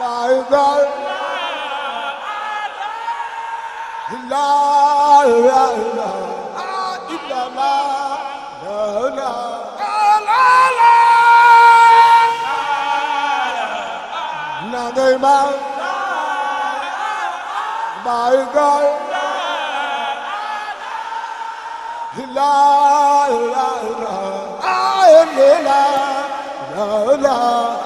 ما يضل لا لا لا إلا لا لا لا لا لا دايما ما يضل لا لا لا لا لا لا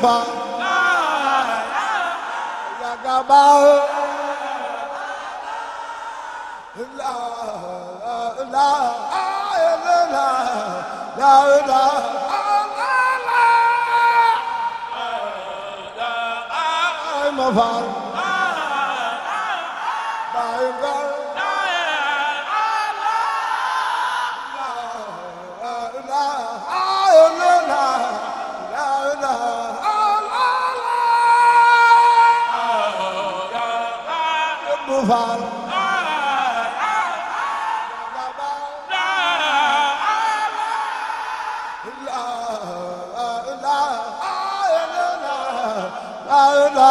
Yagaba. Yagaba. La la la la la la. Father. faal la la la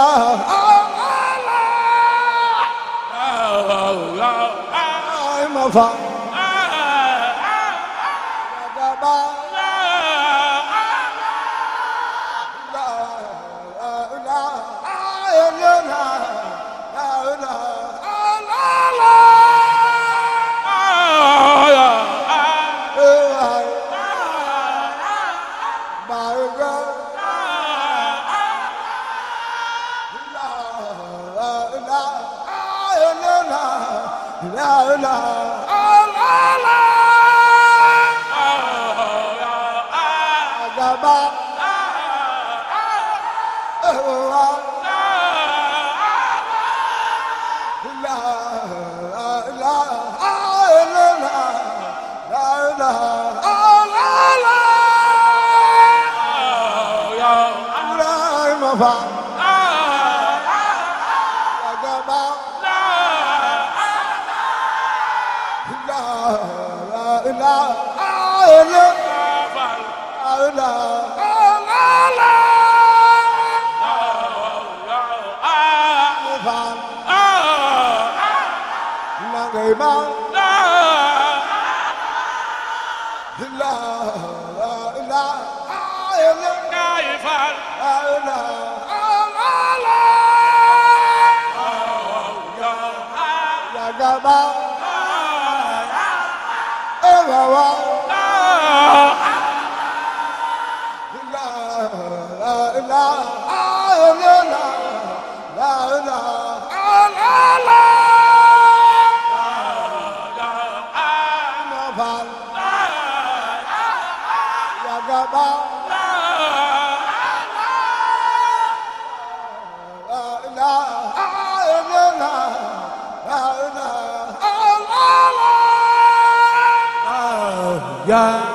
Baba. Yeah.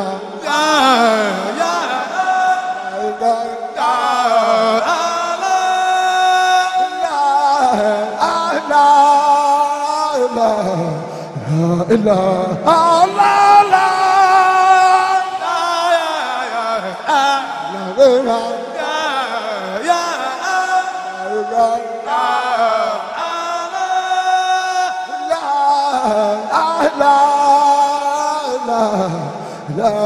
لا إله إلا الله لا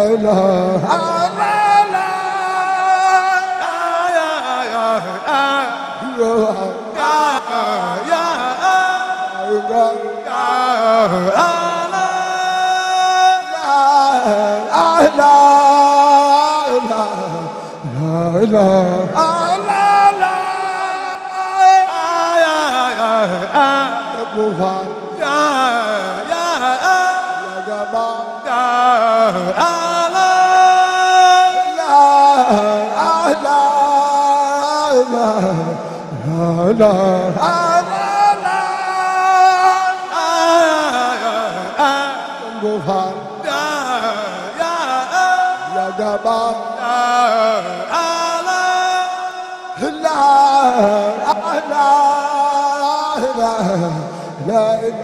لا لا لا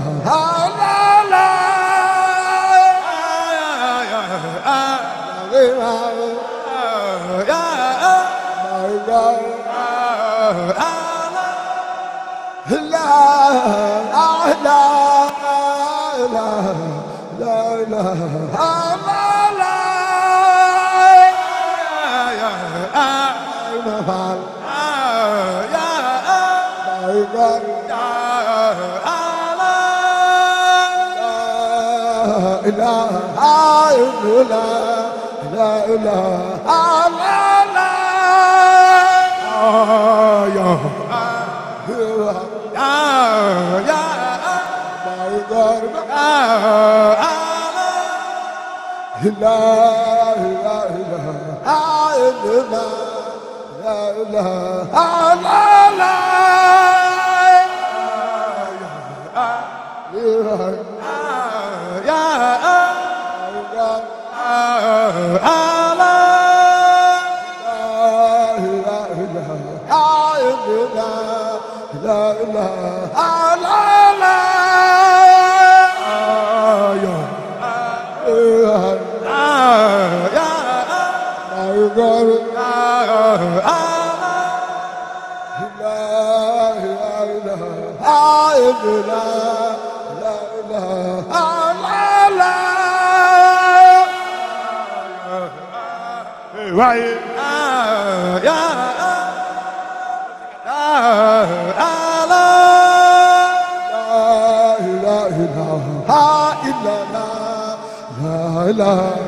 heart. إله إلا لا لا إله لا لا يا يا يا لا إله إلا waaye ya ala la ilaha illallah la ilaha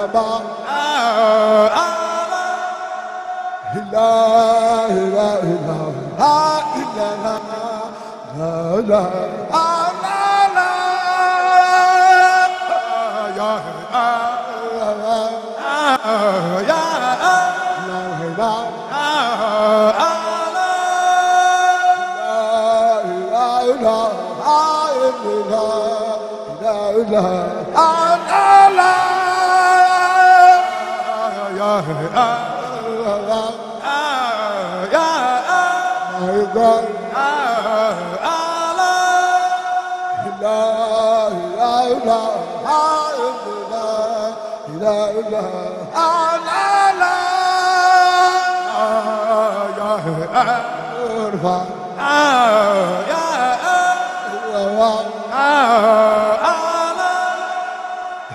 ما لا لا لا لا لا لا لا لا لا لا ارفع يا الله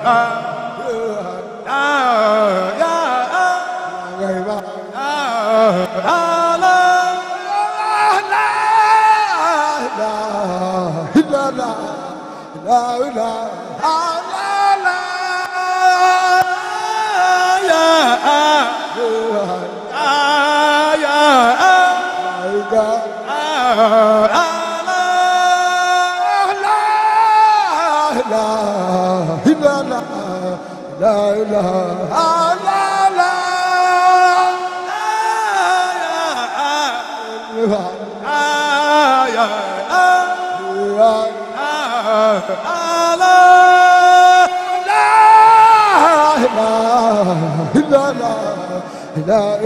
ah لا إله لا لا لا لا لا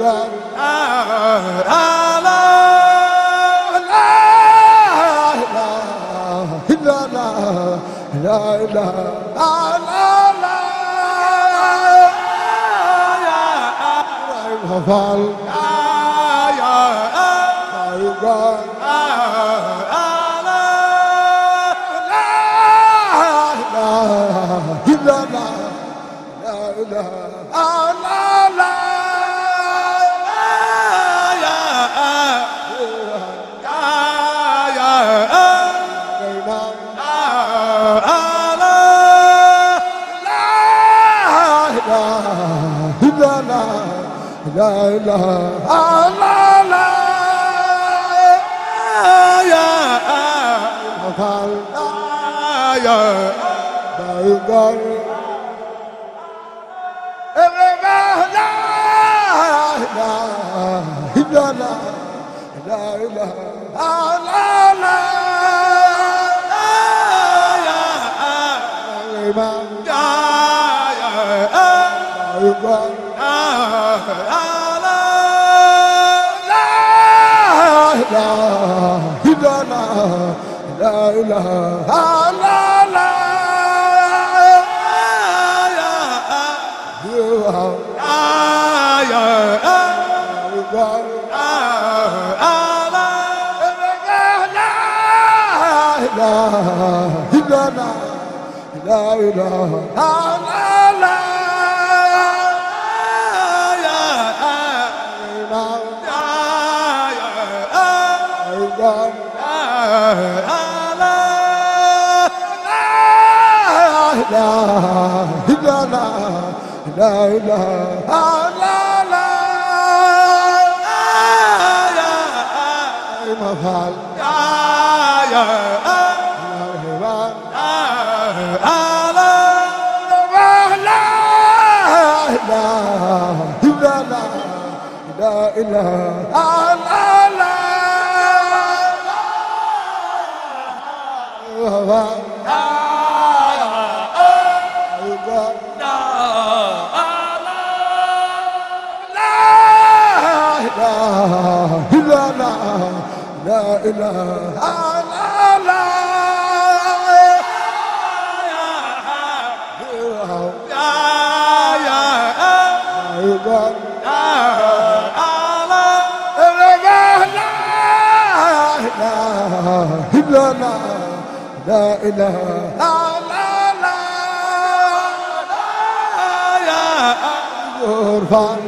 لا لا لا لا لا لا لا يا غفال يا غفال لا لا لا la ilaha إله لا لا لا إله لا لا Ah, ah. إله لا لا لا لا لا إله لا لا لا يا غرفان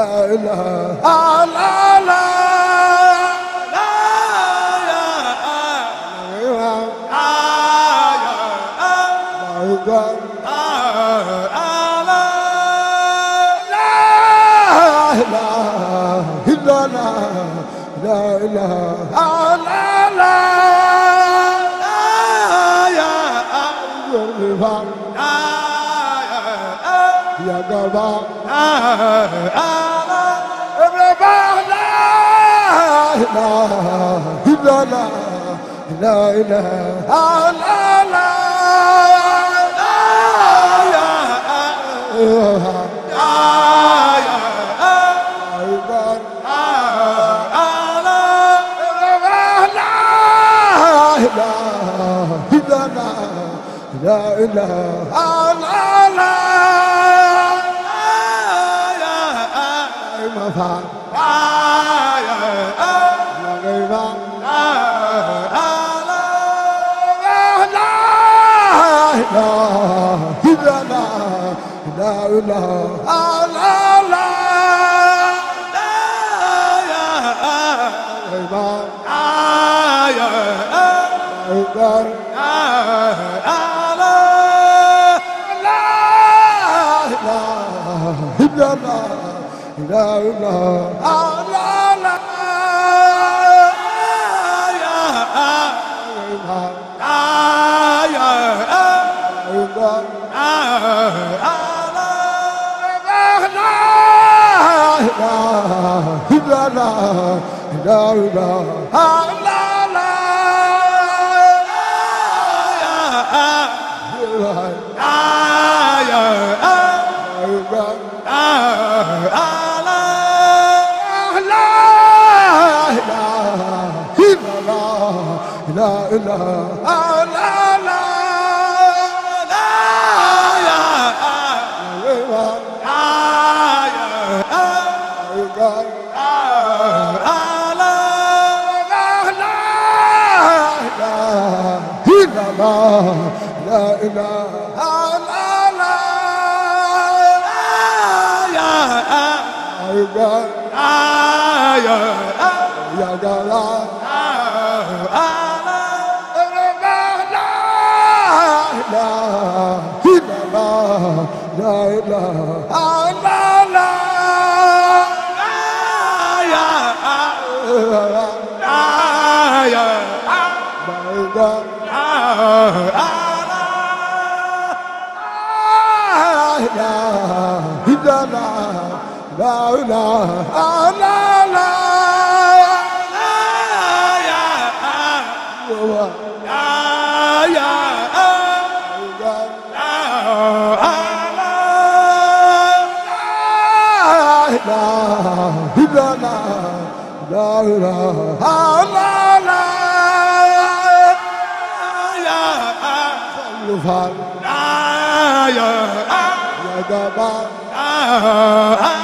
لا إله لا لا لا لا لا لا إله لا لا يا يا يا يا لا لا لا لا لا لا لا إله إلا الله la la la لا إله إلا لا إله إلا God. Fall. Ah, yeah. Ah, yeah,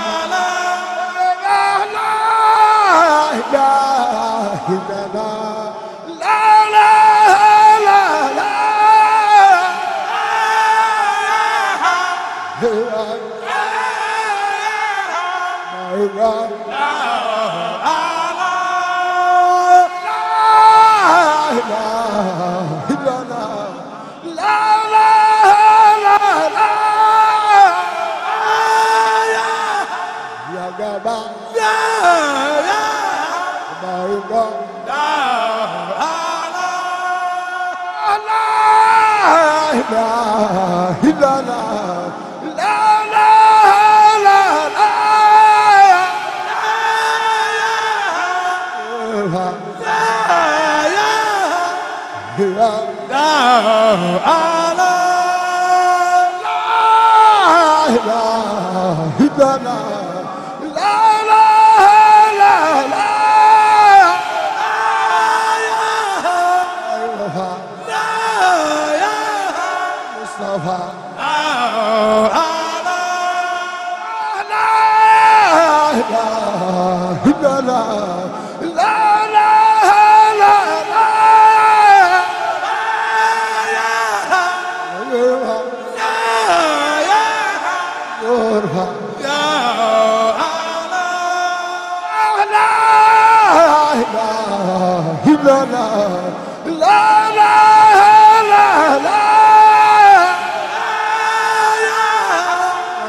إلا لا لا لا لا لا لا لا لا لا لا La la la la la la.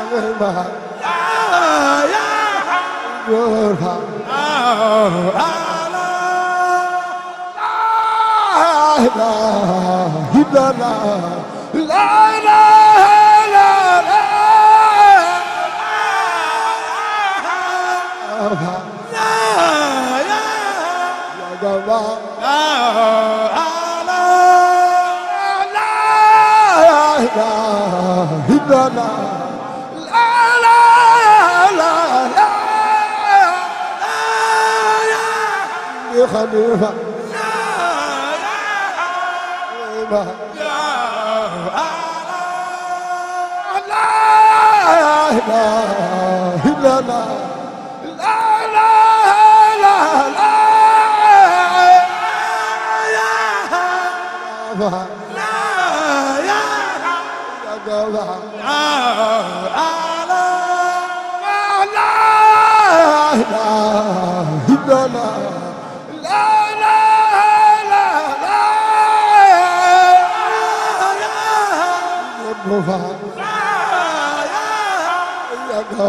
لا لا لا لا لا Your heart. Oh, Allah, Allah, Allah. الخليفة لا لا لا لا لا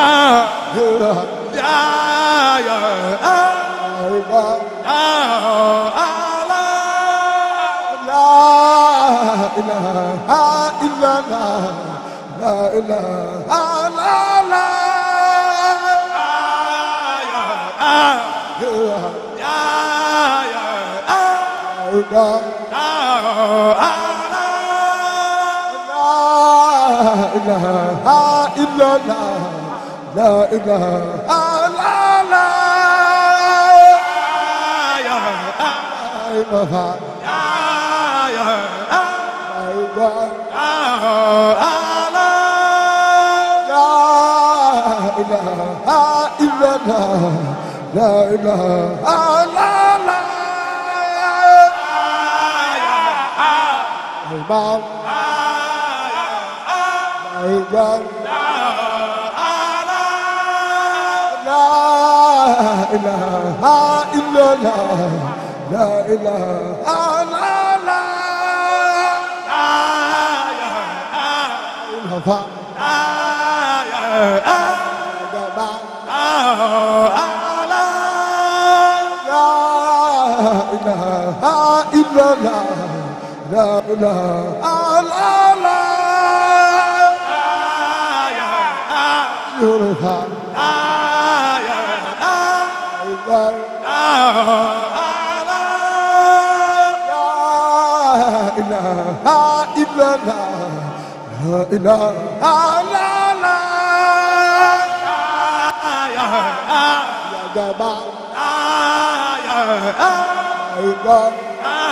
إله إلا الله لا إله لا لا لا إله لا إله لا لا المال لا إله إله إلا الله لا إله لا لا لا لا إله لا إله لا لا إله لا لا يا جبار يا إله لا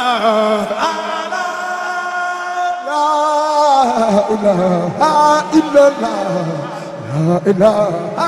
إله إلا الله لا إله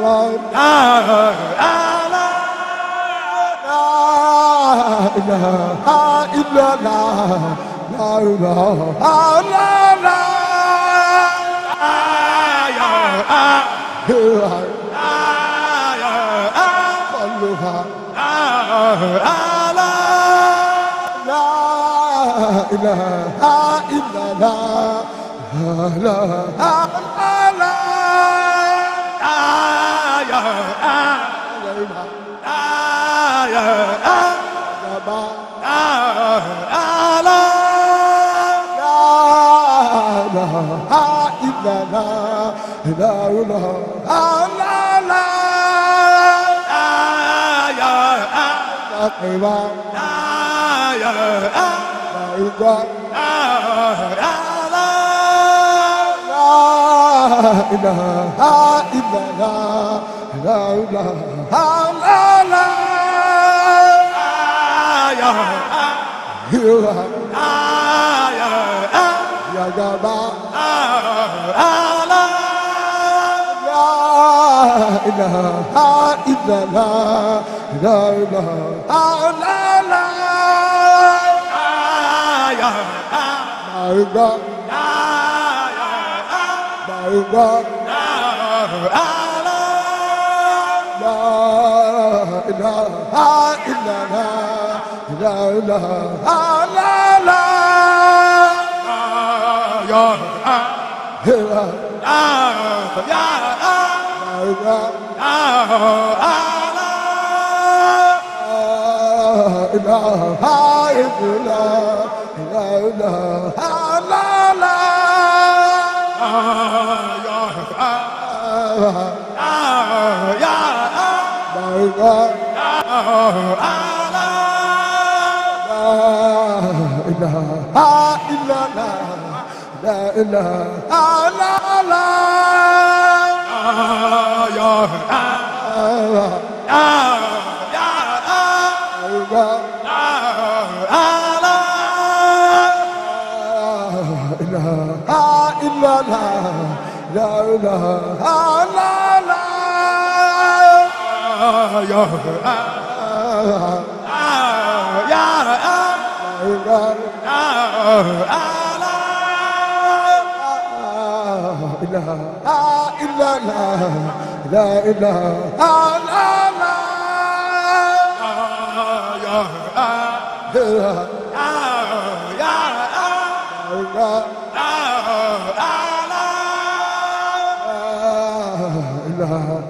لا إله إلا الله لا إله إلا الله لا إله لا لا يا إله يا جبا لا إله إلا الله لا إله لا لا يا God, my God, my God. ah لا إله إلا الله يا لا إله إلا الله يا لا إله إلا الله لا إله إلا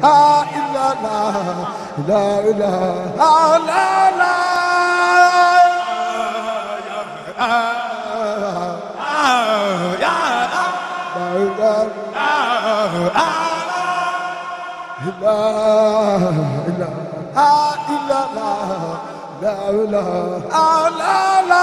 الله لا إله لا لا لا لا لا لا لا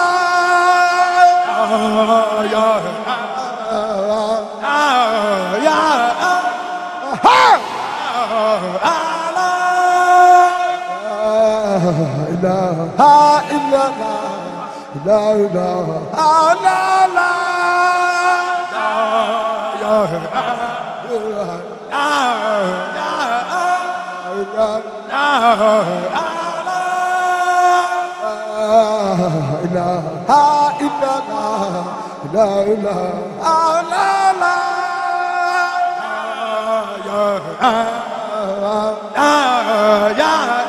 إله إلا الله لا إله لا لا لا لا لا لا لا لا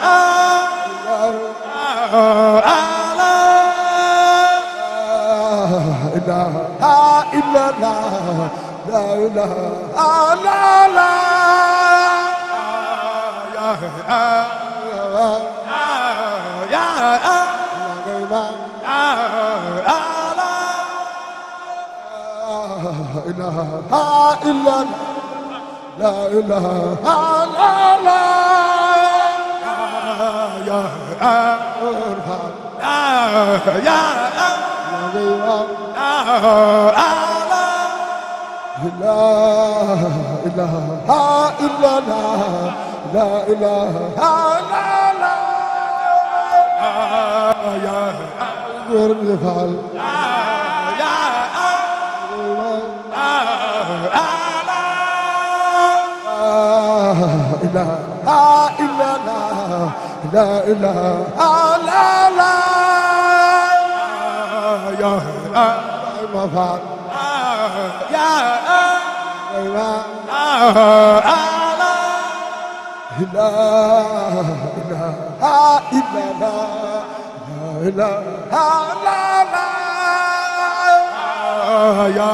إله إلا الله لا إله إلا الله يا لا إله إلا الله لا إله إلا الله يا يا يا يا الله الله الله إله إلا الله لا إله لا لا يا مفعل يا لا إله إلا لا إله لا لا يا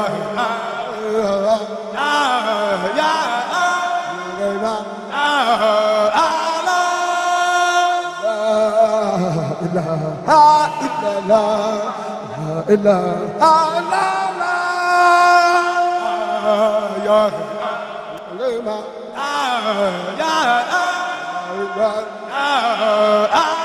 إلا لا إلا لا لا يا لما يا لا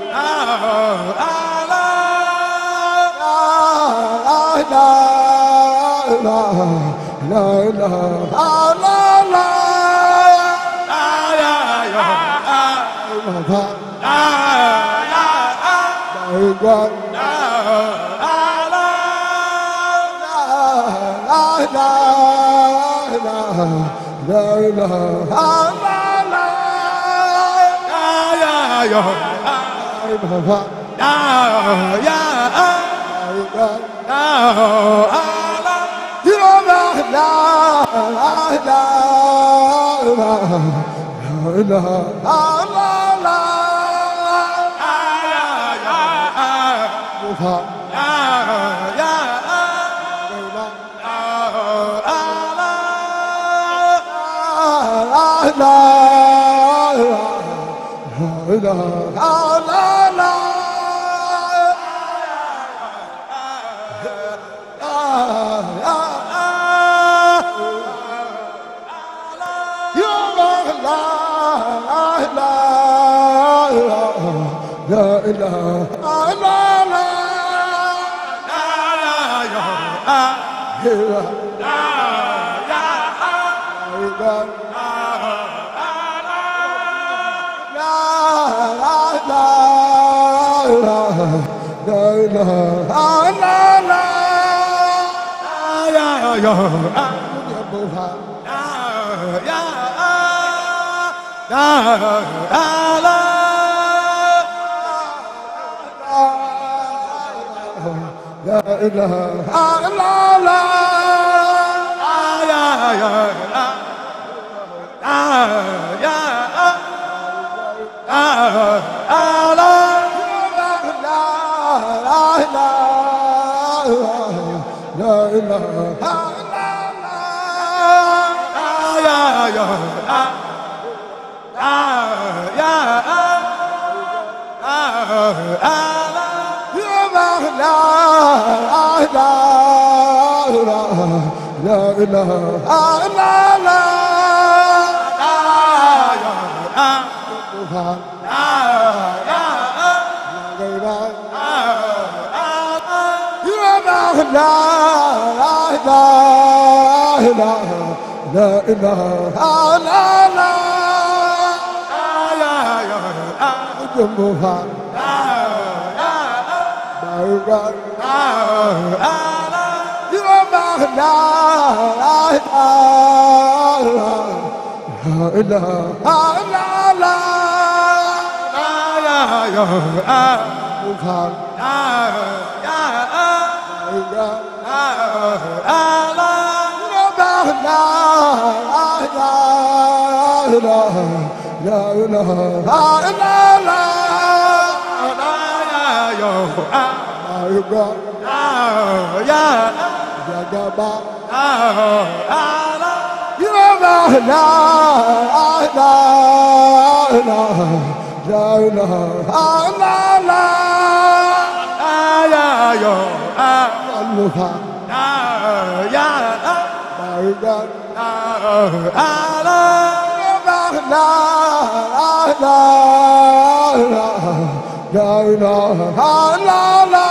la la la la Oh, لا لا لا لا لا لا إله لا إله إلا الله لا لا لا لا لا لا لا يا يا يا لا لا لا إله إلا الله la la لا إله إلا لا لا لا لا لا جمهور لا لا لا لا لا la la la la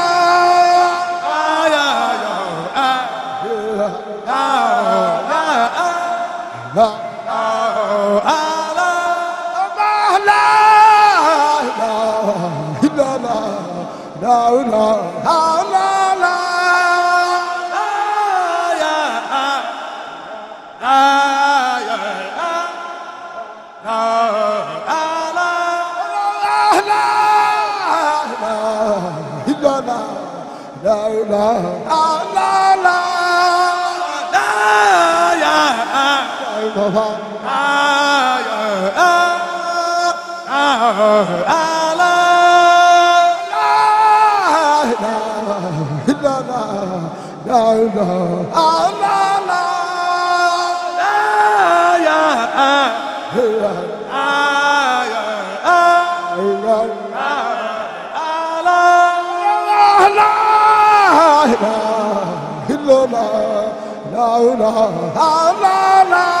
la la la la la la la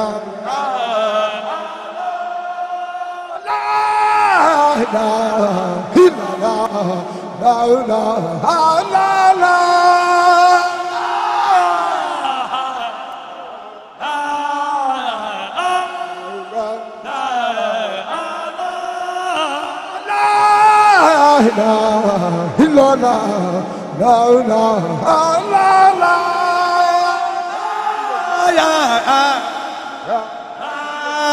النار لا لا لا لا لا لا لا إله إلا لا لا إله إلا لا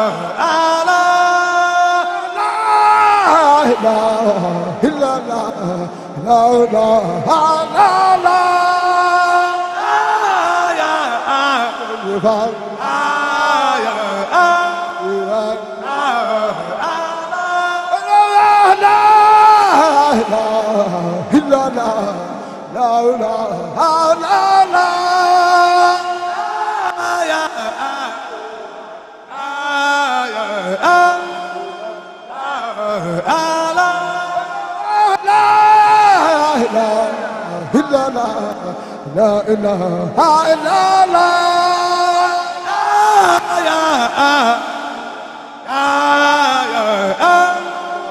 la la la إلا الله لا إله إلا لا يا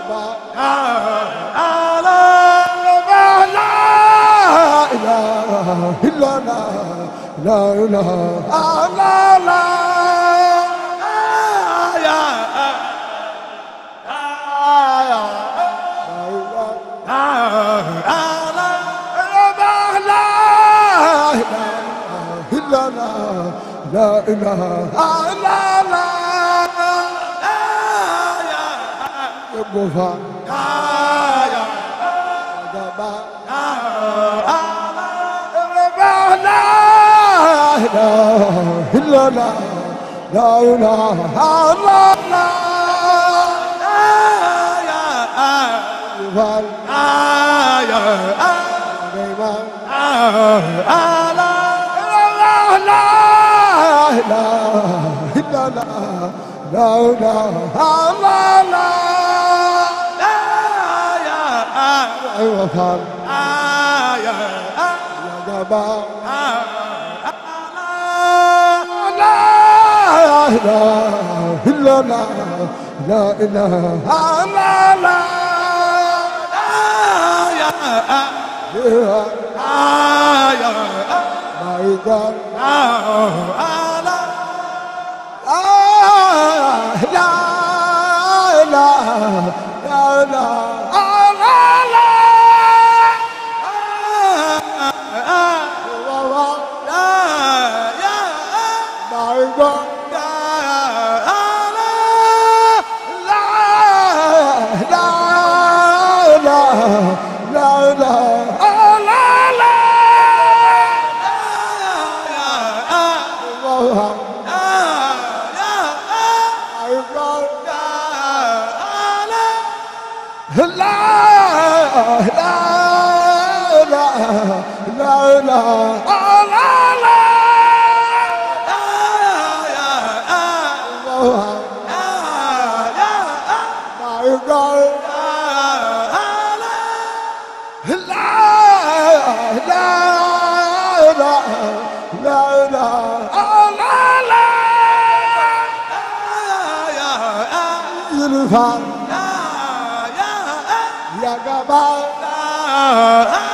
لا إله إلا لا لا إله إلا لا لا إله إلا الله يا بوفا يا لا إله إلا الله لا إله الله يا يا يا يا ilaha illa allah la ilaha illa allah ya wafan ya jaba la ilaha illa allah la ilaha illa allah ya ya my God. Oh, oh. あ زلفان يا جبال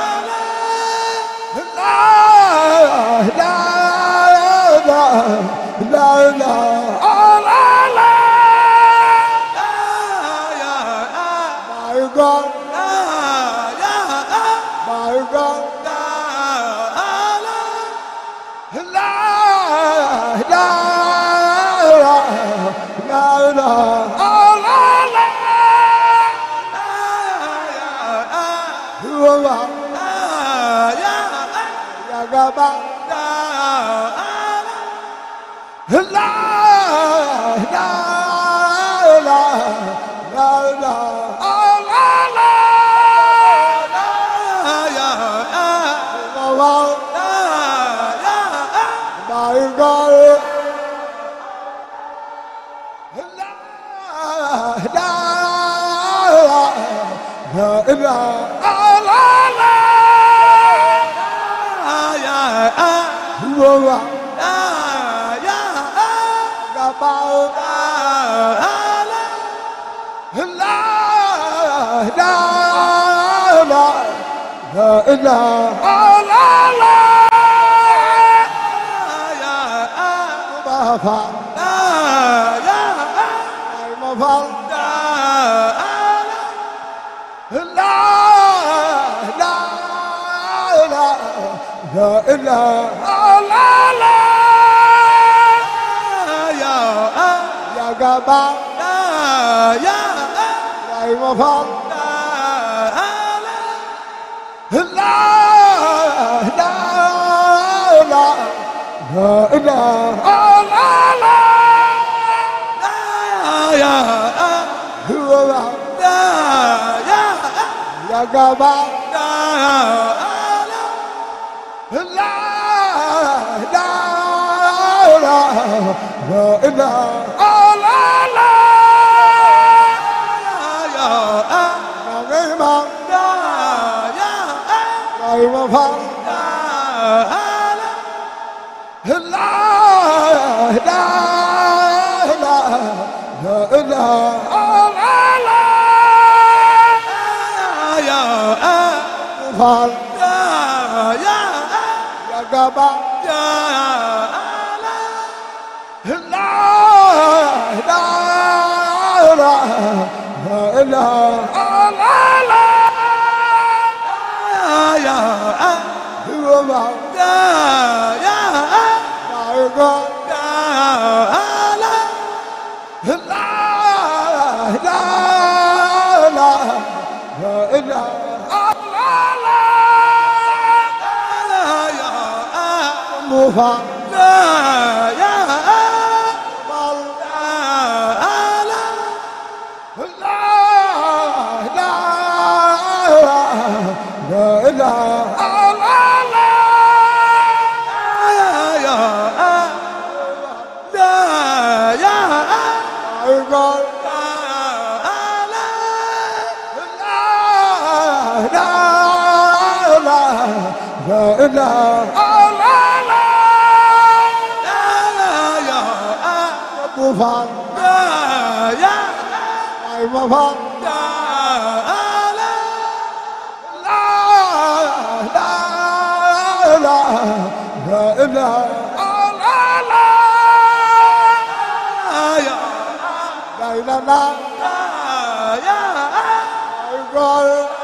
هو يا قطعوا لا لا لا لا لا لا لا مفر لا لا المفر لا لا لا لا ba ya lay فرقا لا لا لا لا لا يا فرقا يا يا قبا يا لا لا لا لا Hero Mount. Yeah, yeah. My God. Yeah. La, la, la, la, la. Allah, Allah, Allah, Allah, Allah, لله لا لا لا لا يا ابو فان يا يا ابو فان لا إله لا إله لا إله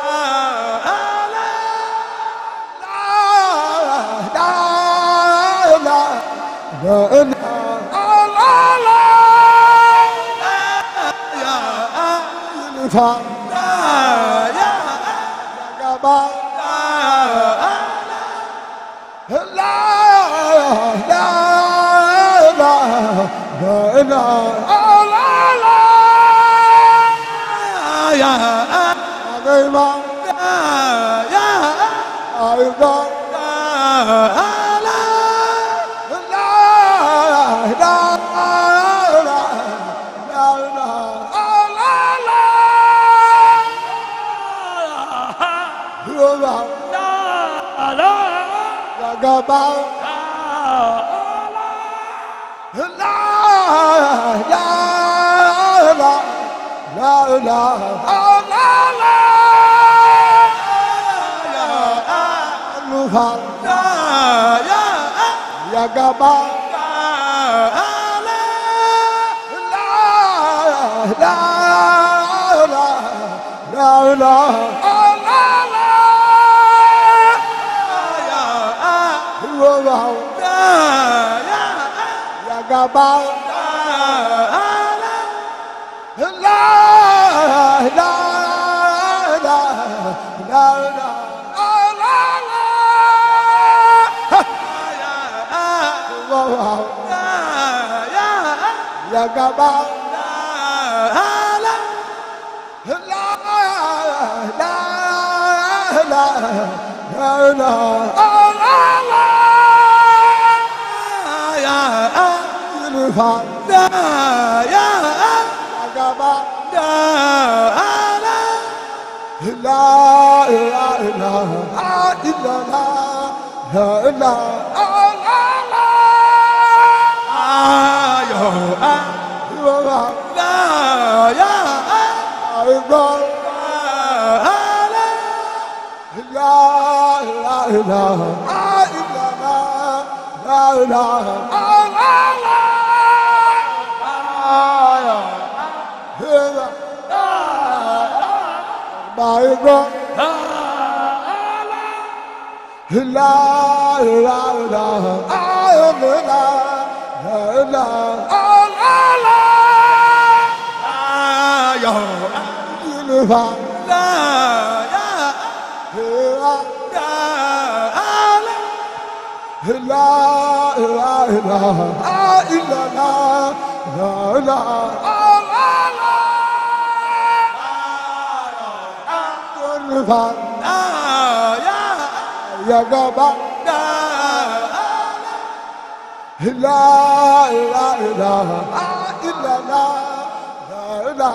لا about قبلنا هلا لا لا لا لا لا يا أهل فنا يا قبلنا هلا لا لا لا لا لا لا إله إلا الله لا إله إلا الله هنا ما يقول لا لا لا لا لا لا ينفع لا لا لا إله إلا الله لا لا Phật Ya ga ba da La la la illa la la la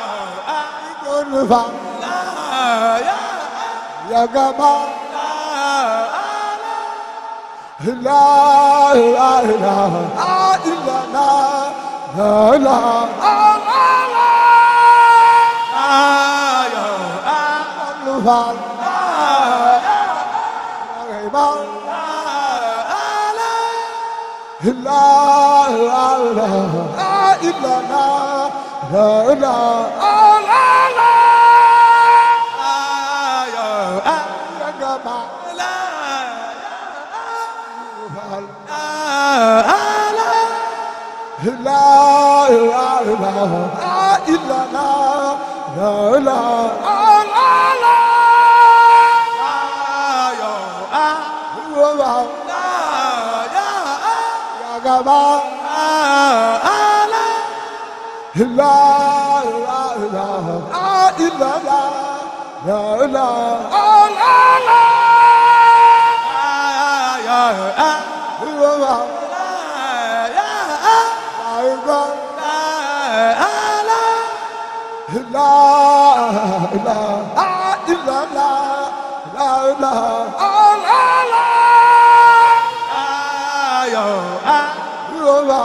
la la Phật La la la la la la la la illa la la la Gaba, ah, ah, la, la, la, la, ah, la, la. La la la la la la la ilaha illallah ilaha illallah yo Allah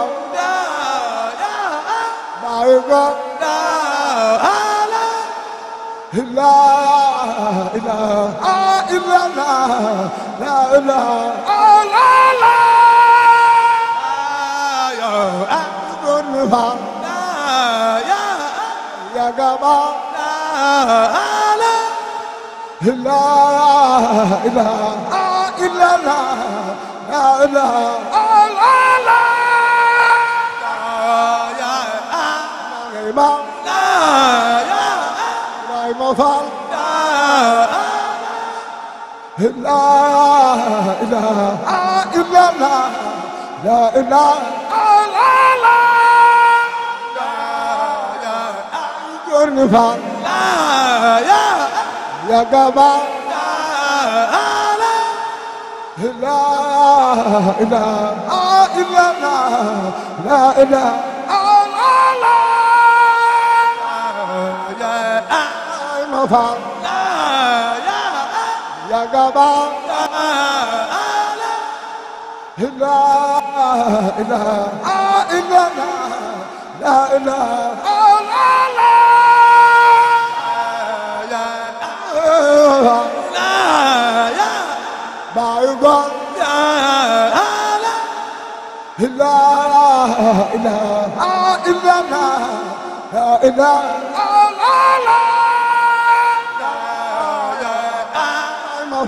my God ilaha ilaha illallah la ilaha illallah yo Allah قبر لا لا لا إله إلا الله لا إله مفر لا إله إلا الله لا إله لا إله النفار لا يا يا قمر لا لا لا لا لا لا لا المفر لا يا يا قمر لا لا لا لا لا لا يا بعيدا لا لا لا إله إلا الله لا إله لا لا إله إلا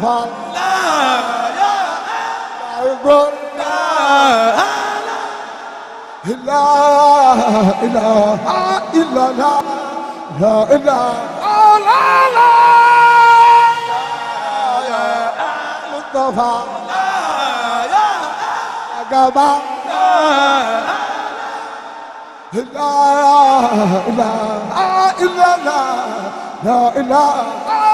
الله لا إله لا لا Mustafa Agaba La ilaha illallah La ilaha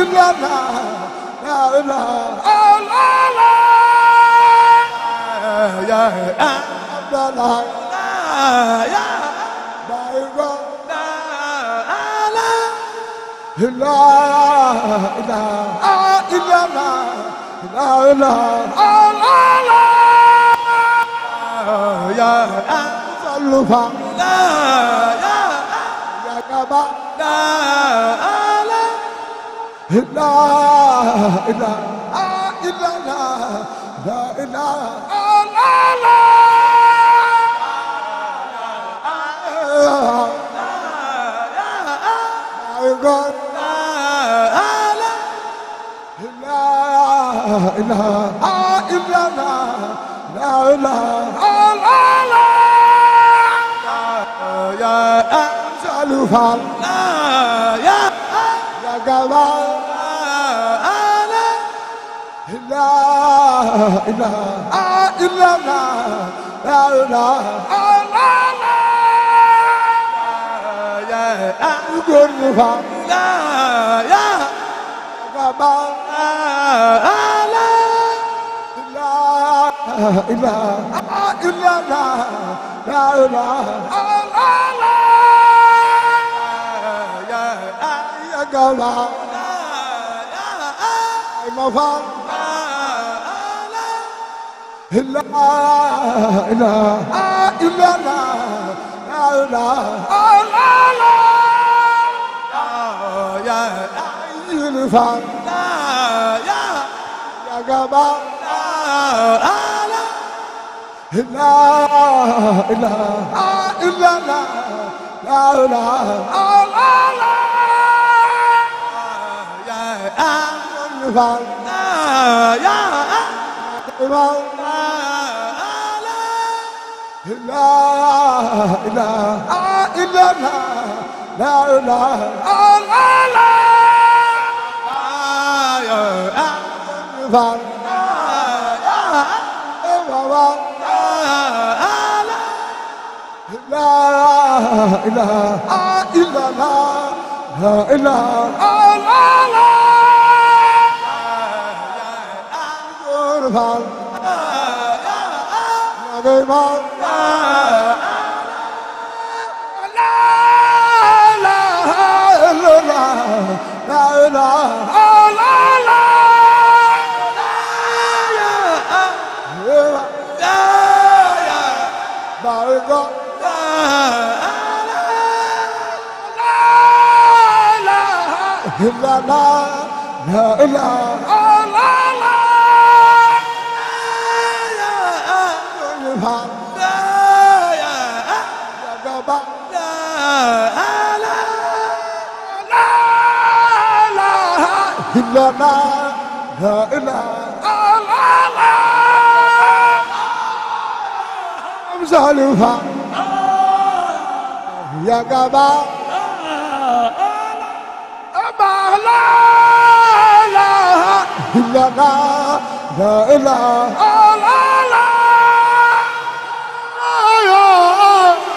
illallah Ya La La يا عبد الله يا بايغو لا لا لا إله إلا الله لا إله يا أنزل لا يا يا كبا لا لا إله إلا الله faal yaa yaa gaabaal ana ilaa ilaa ilaa laa ilaa yaa góor ñu faal yaa yaa gaabaal ana ilaa ilaa ilaa laa ilaa لا لا مفر لا لا لا لا لا لا لا يا لا يا يا جماعة لا لا لا لا لا لا لا لا لا البال يا البال لا إله إلا الله لا إله إلا الله لا إله إلا الله لا إله غيمان يا غيمان لا لا لا لا لا لا لا لا لا لنا لا إله زالوها يا قبا أما لا لا لا لا لا لا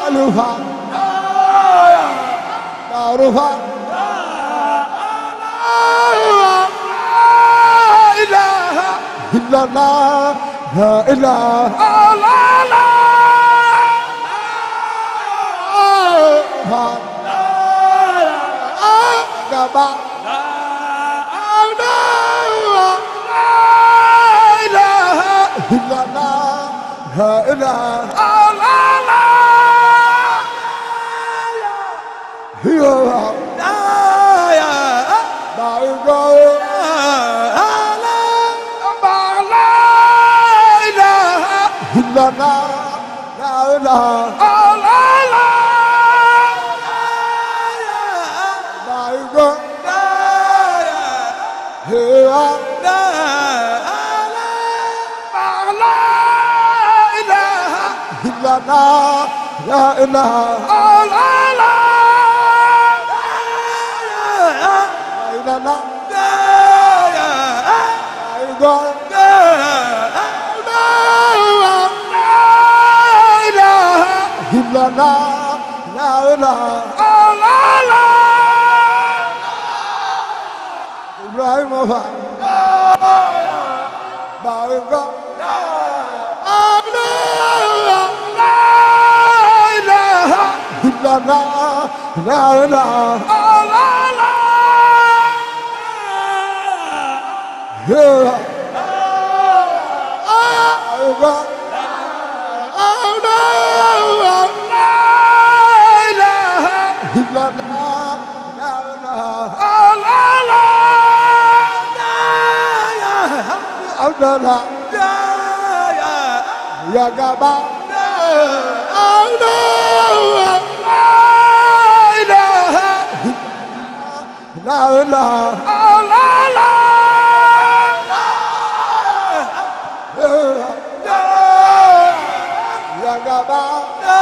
لا لا يا إلا الله لا إله لا لا لا إلا الله إله لا إله لا لا لا لا إبراهيم وفاء باوي la la la oh, la la yeah. oh, la, oh, no, oh, la, la, la, la. đơn hạ Yagaba Oh no إله لا إله لا لا يا جماعة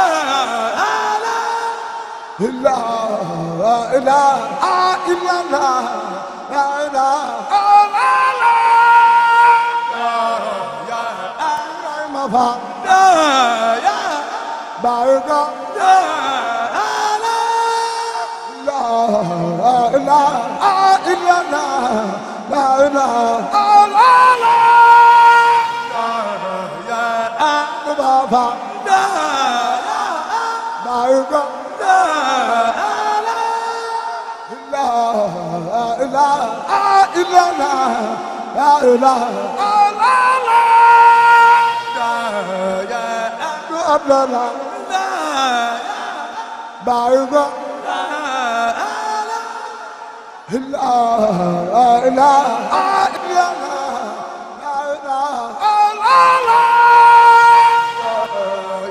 لا لا لا لا لا لا لا إله Bye, God. لا إله إلا الله لا إله إلا الله يا بابا لا لا لا لا إله إلا الله لا إله إلا الله يا أبو بابا لا لا لا إله إلا الله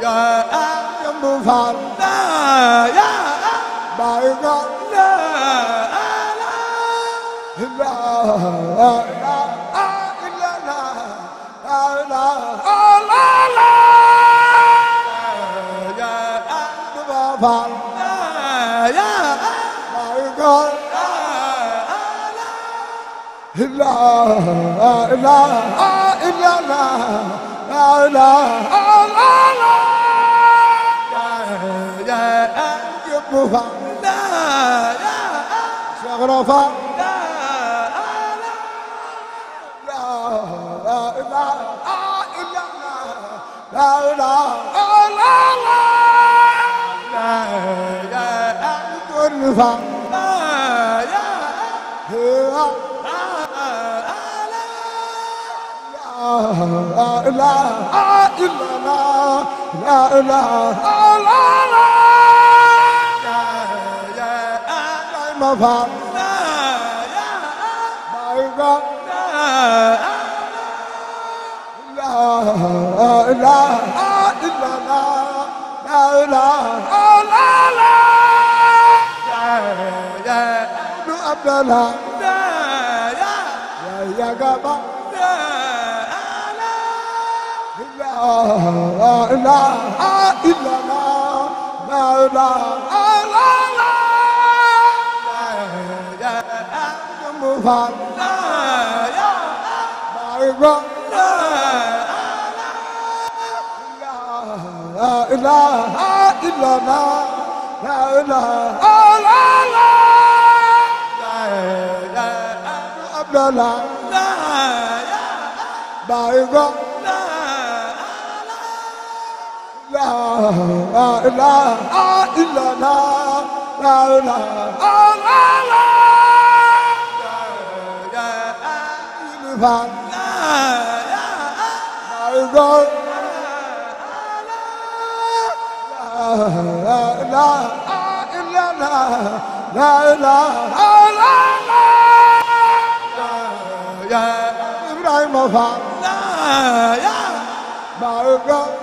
يا أعلم فعلا يا بارك لا إله Father, yeah, my God. لا لا لا لا لا لا لا يا أنجبها لا يا شغرفة لا لا لا لا لا لا لا لا لا يا أنجبها لا إله إلا الله لا إله إلا الله يا يا مفعل لا يا لا إله إلا الله لا إله إلا الله يا يا عبد الله يا يا قبر لا إله إلا الله لا إله إلا الله لا إله محمد يا رب لا إله إلا الله لا إله إلا الله لا إله إلا الله لا إله إلا الله لا إله إلا الله لا إله إلا الله لا إله إلا الله لا إله إلا الله يا إبراهيم لا يا بارك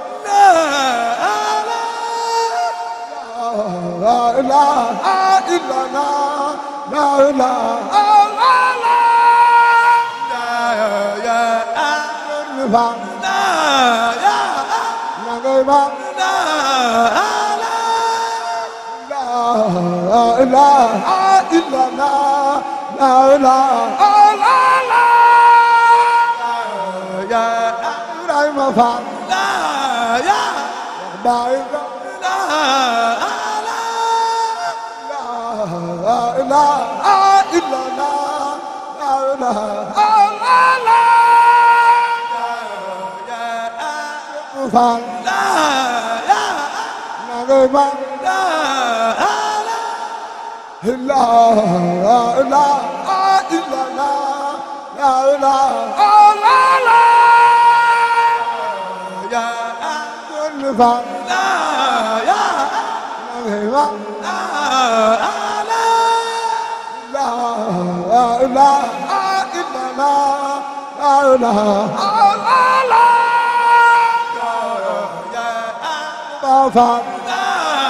لا إله إلا أنا لا إله إلا أنا يا يا أنا لا يا أنا لا إله إلا أنا لا إله إلا أنا يا أنا لا يا بعيد Phật La Ya Nam Hỷ Phật La لا إله إلا الله لا إله إلا الله يا أبا لا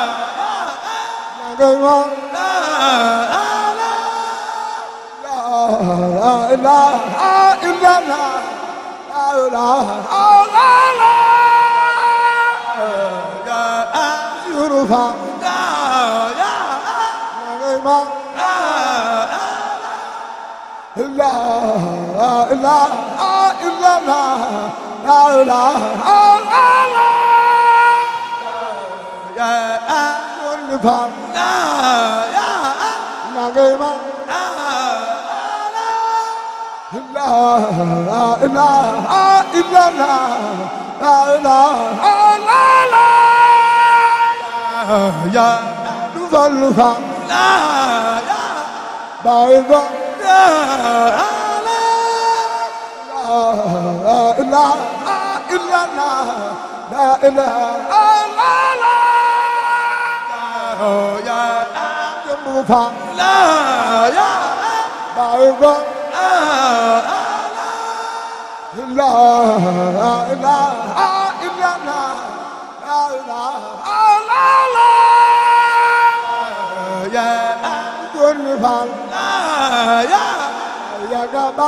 إله إلا الله لا إله إلا الله يا أبا لا إله إلا الله لا إله إلا الله لا إله إلا الله يا أهل الفنا يا نغيب لا إله إلا الله لا إله إلا الله يا أهل الفنا لا إله لا إله إلا الله لا إله إلا الله يا يا لا يا بابا لا إله إلا الله لا إله إلا الله يا يا يا يا جماعة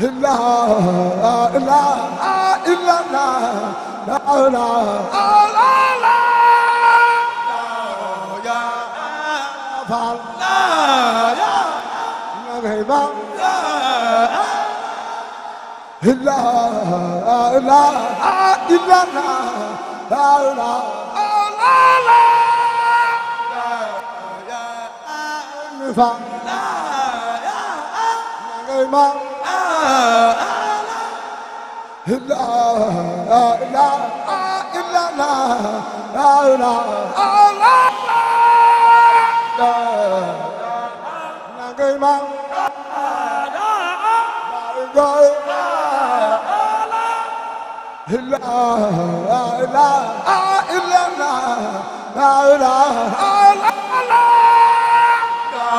لا لا لا لا لا لا لا phật la la thầy pháp la la la la la la la la ينفع نغمة لا لا لا لا لا لا لا نغمة لا لا لا لا لا لا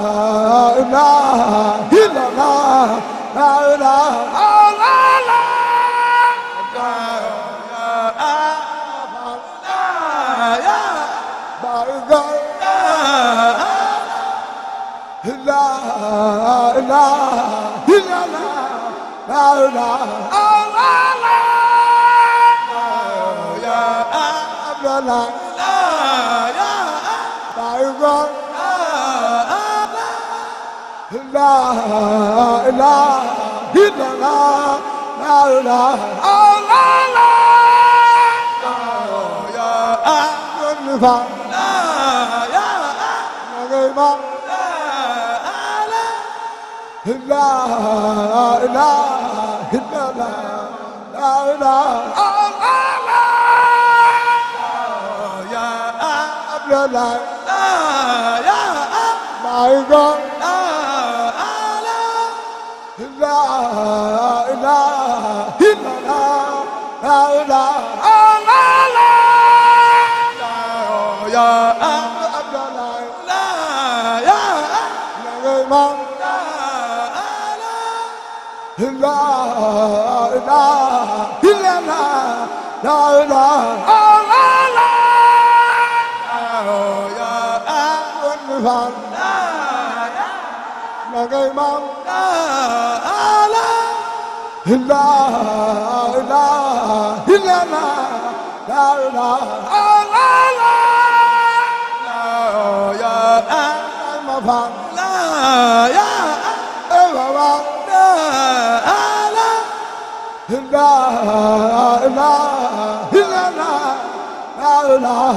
ilaha illallah la ilaha Bye, Ron. لا إله إلا الله لا إله إلا الله يا أنفع لا يا أنفع لا إله إلا الله لا إله إلا الله يا أبلغ لا يا my God Phật là người mong đợi لا إله إلا أنا لا إله إلا أنا لا يا أنا لا يا أنا لا إله إلا أنا لا إله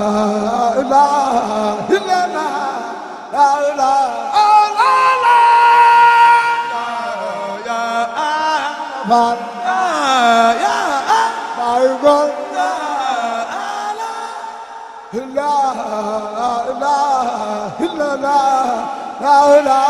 إله إلا أنا لا إله إلا أنا يا أحمد يا أحمد لا إله إلا أنا لا إله إلا أنا لا إله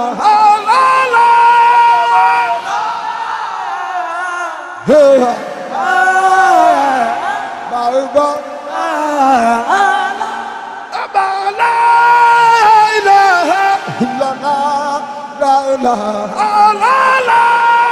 la la la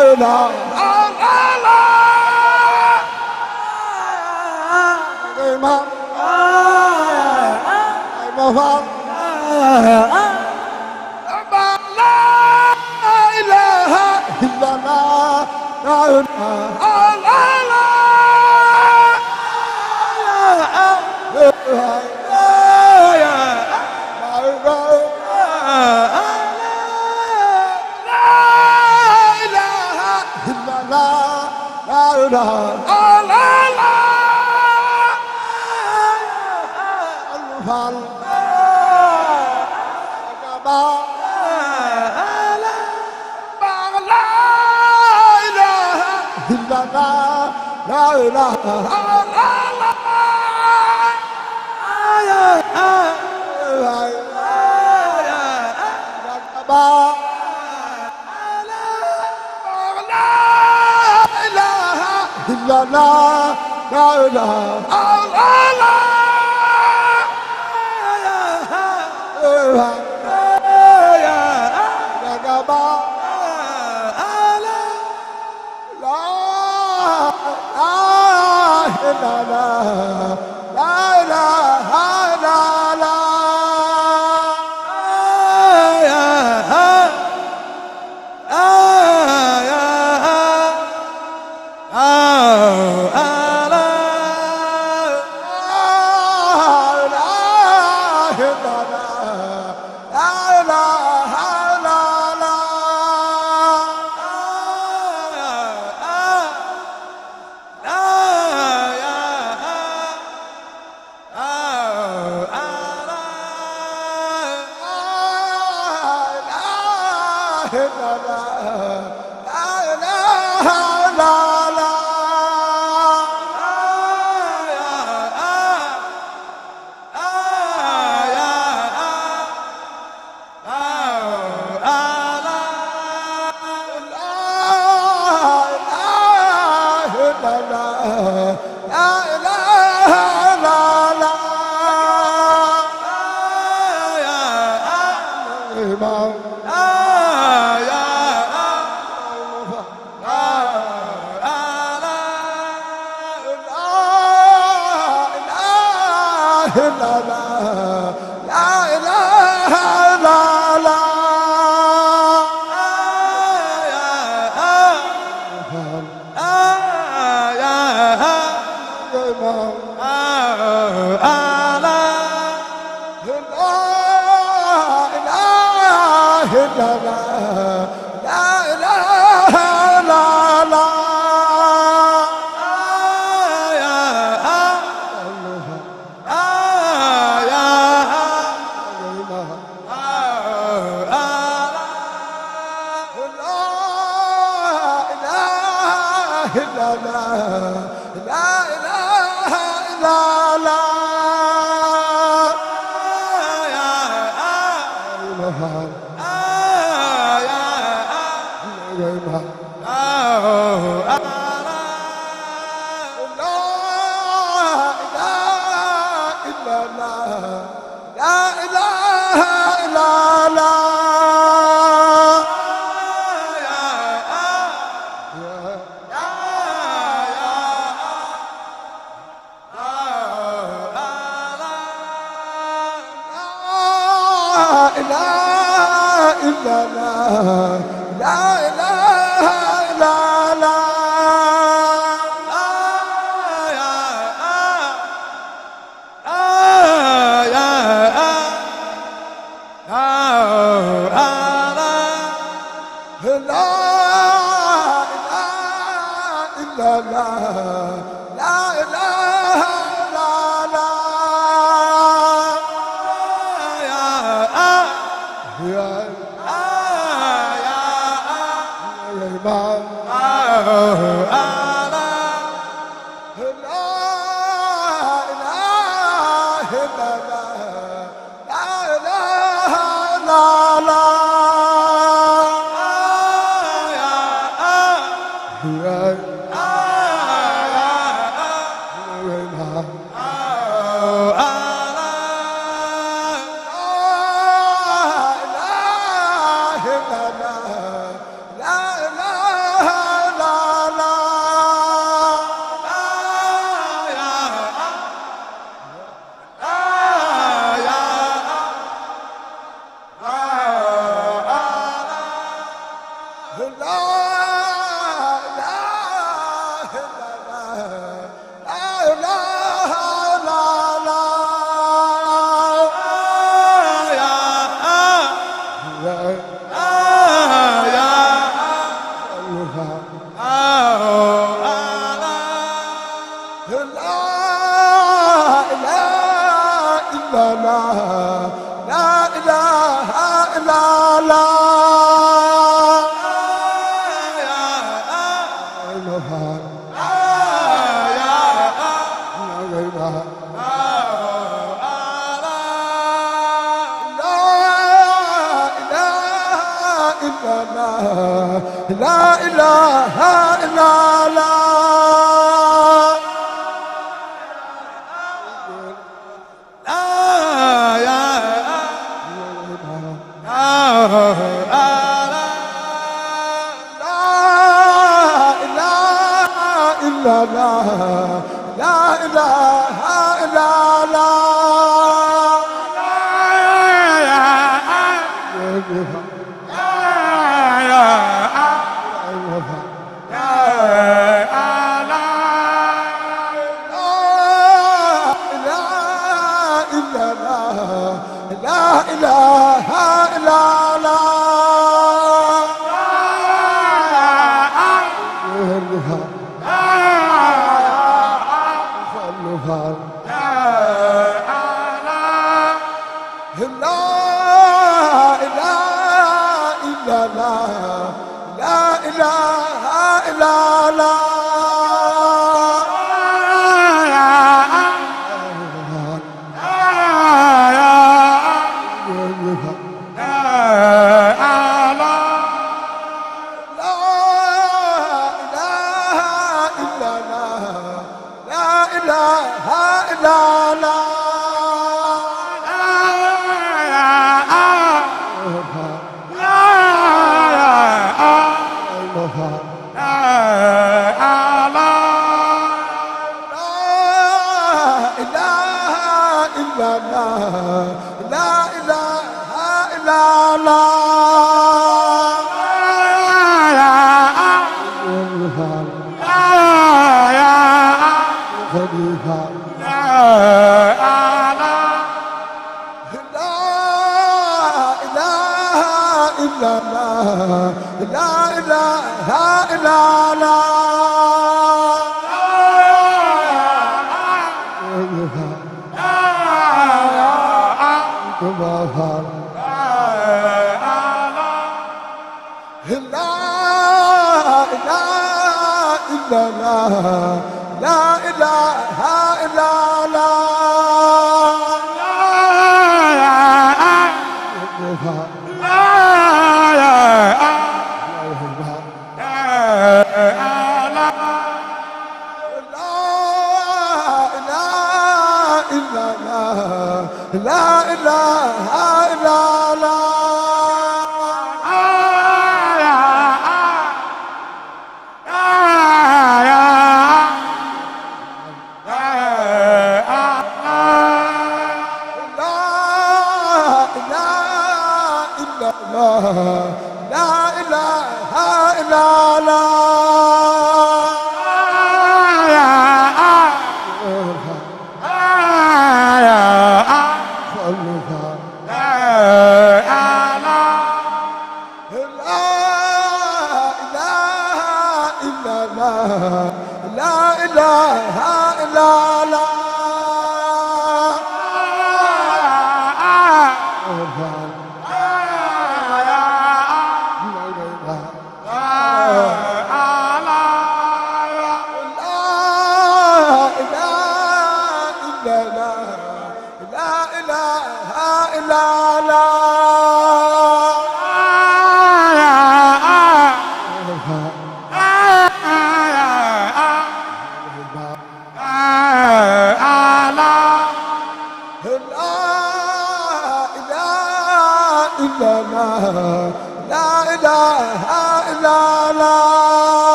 لا لا لا ما ما فاض ما لا إله إلا الله لها لا لا إله إلا الله لا لا لا إله إلا الله لا لا لا لا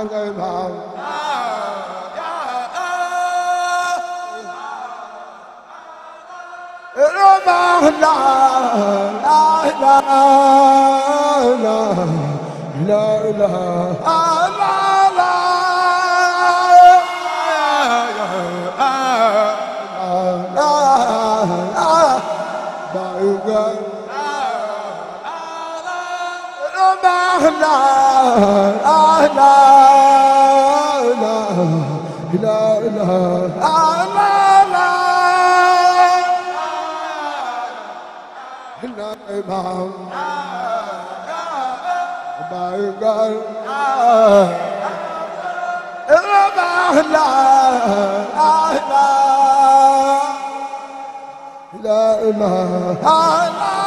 أنا معه لا لا لا لا لا لا God. لا آه لا لا لا لا آه لا لا لا إمام ما يقال لا لا لا لا لا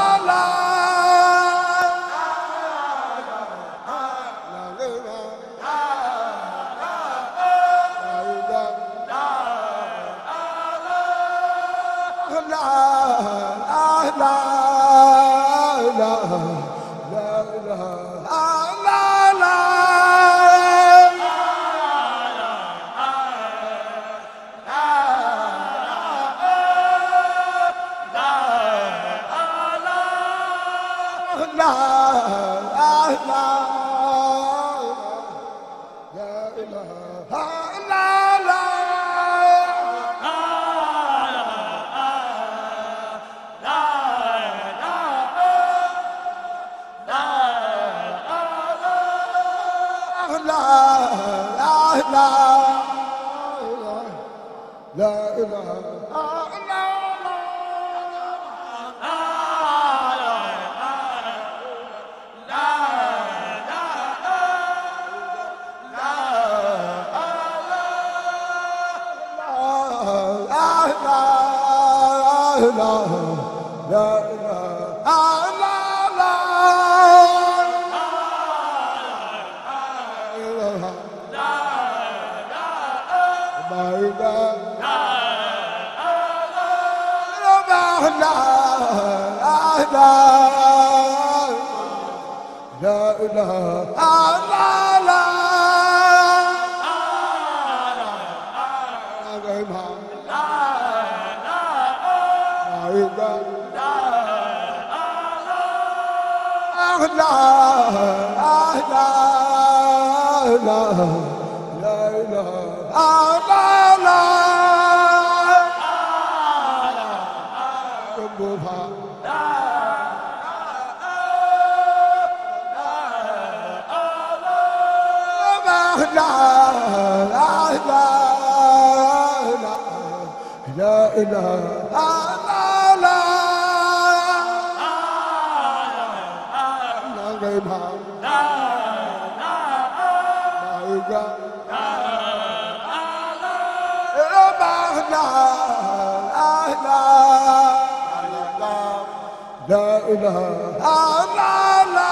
إله لا لا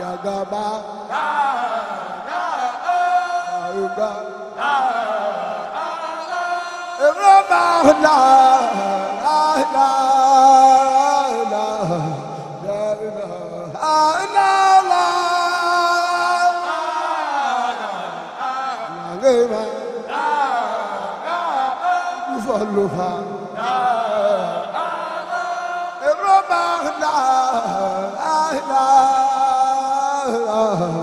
يا غابا غابا ربا لا لا لا لا لا إله لا لا يا غابا صلوا Ah.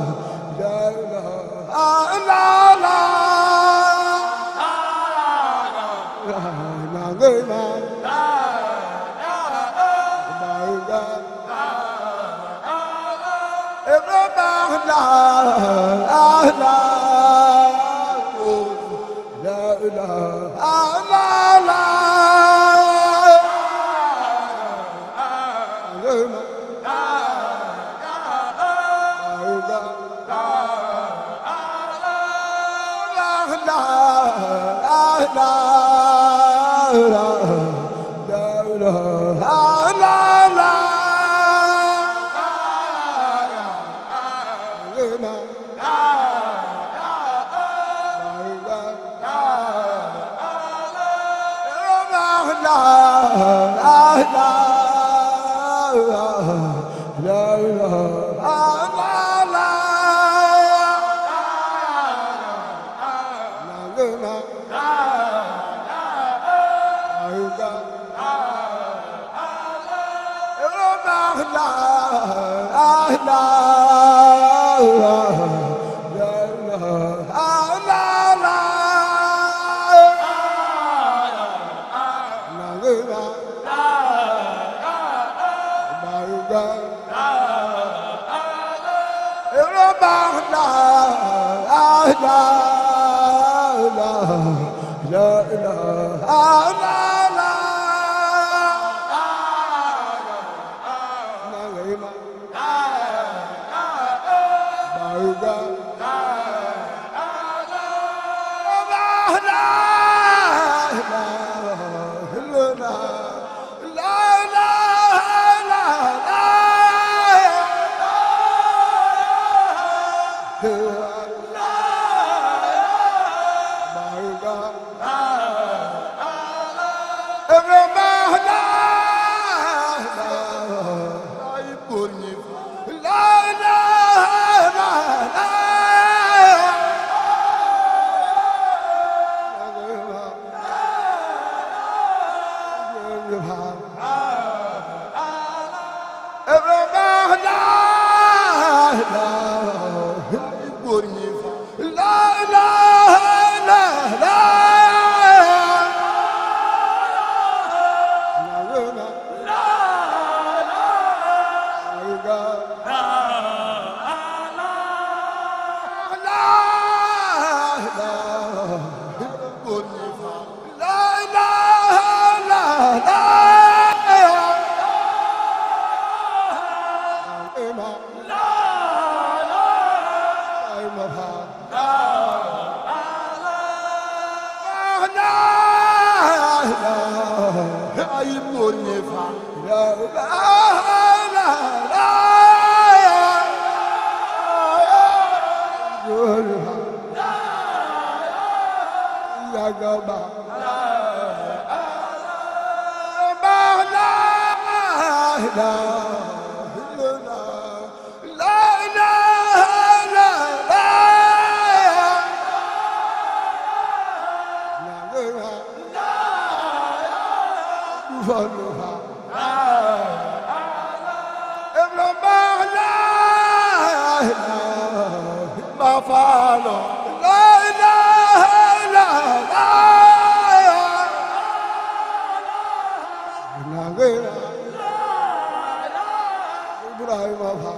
বুড়াই বাবা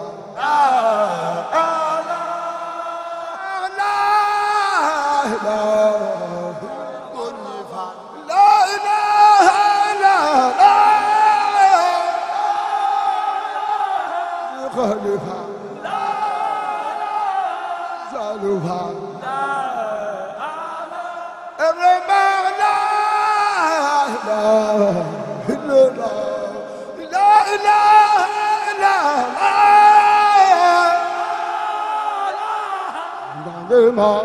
জালু ভাগ এবার Hare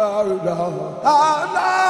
our God.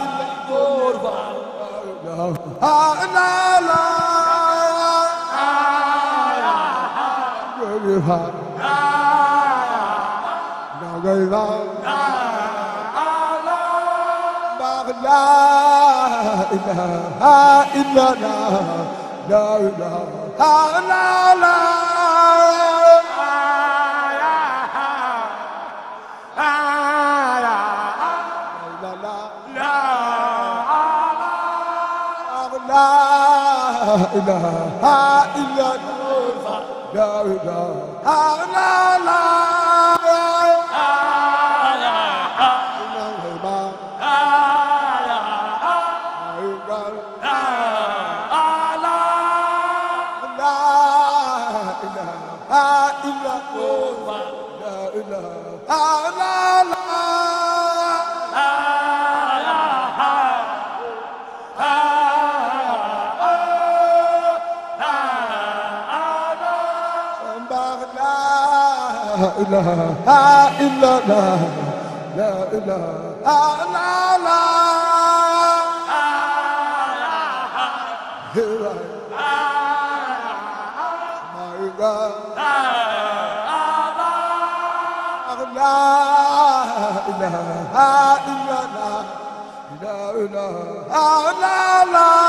الهوى نغلا لا إله إلا الله لا إله إلا الله لا إله إلا الله لا إله إله إلا الله لا إله إلا الله لا I am. My لا إله إلا الله لا إله إلا الله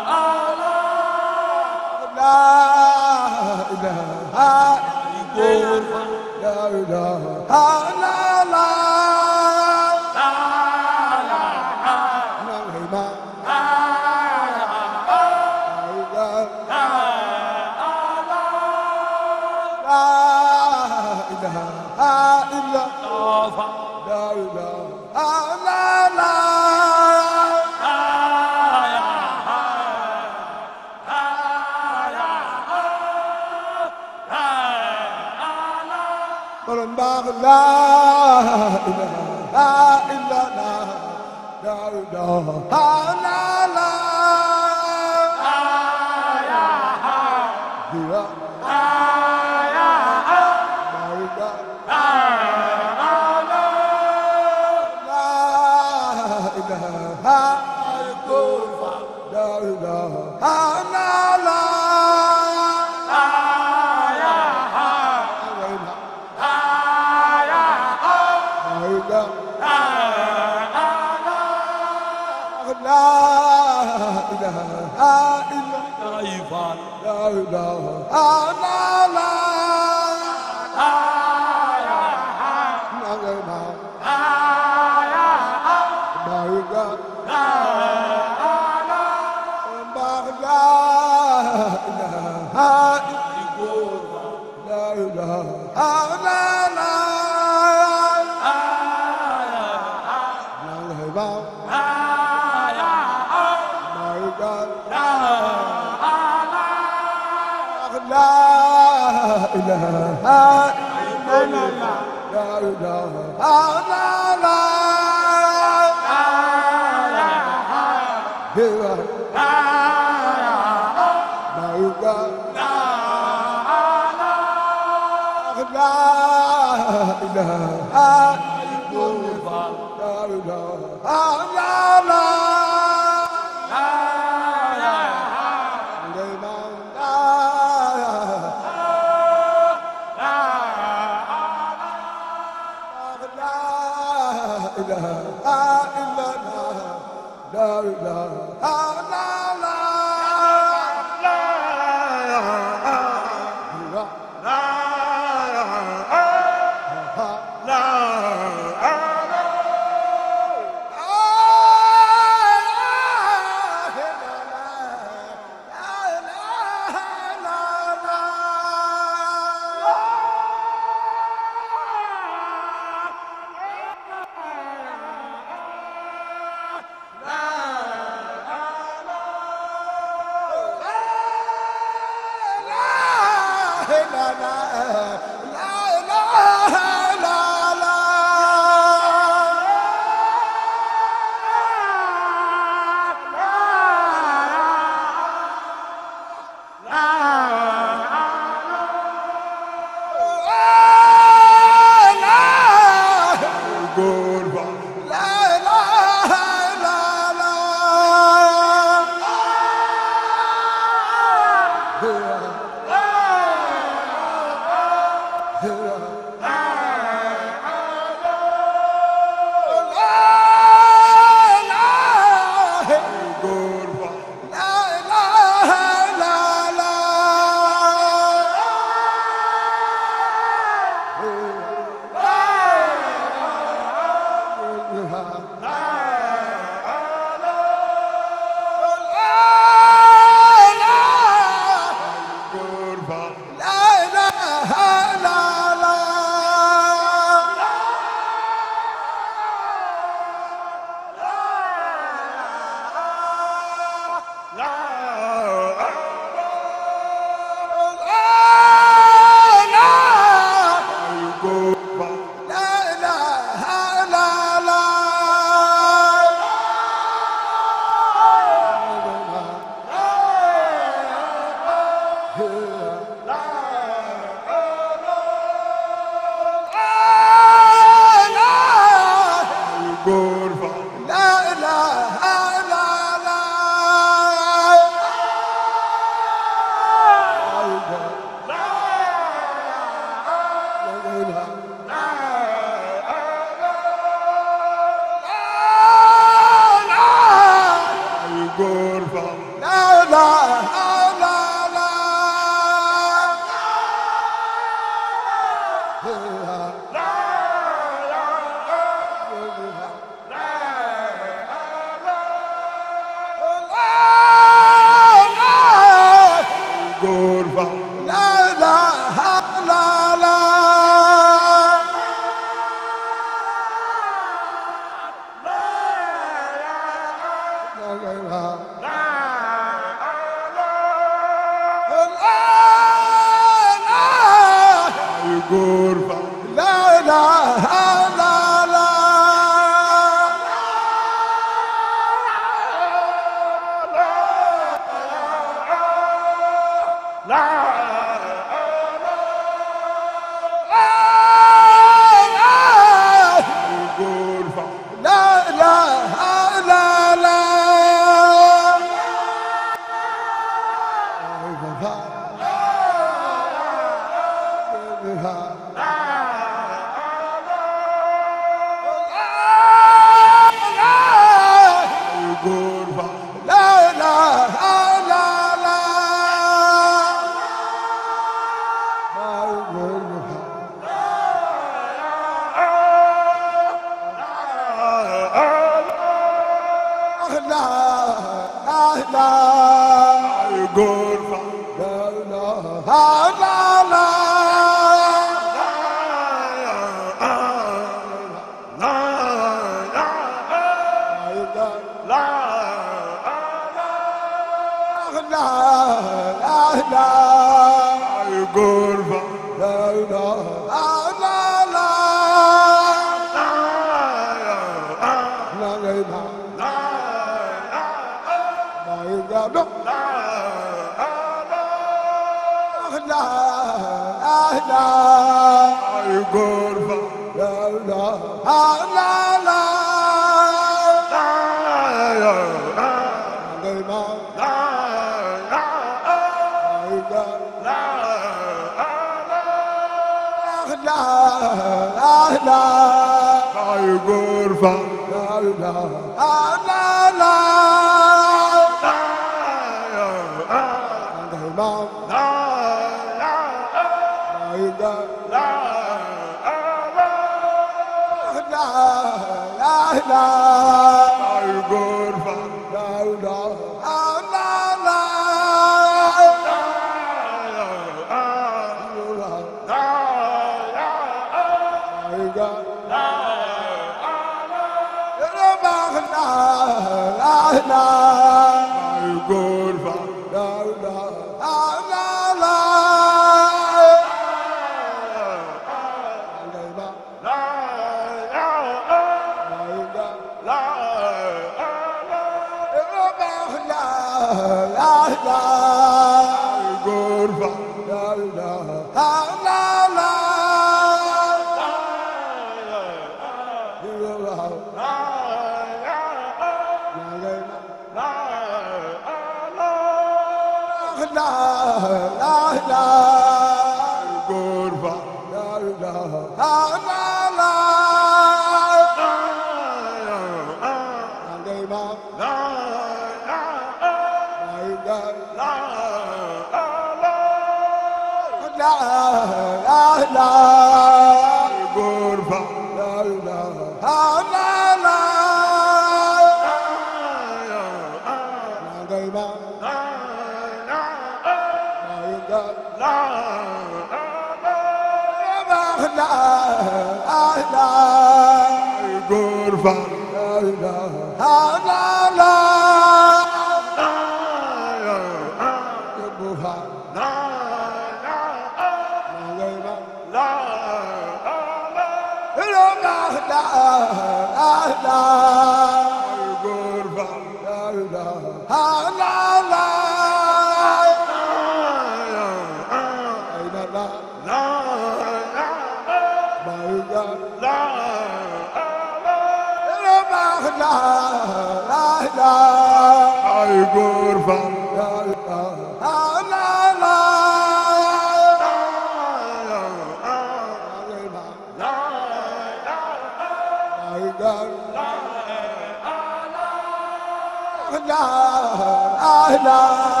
la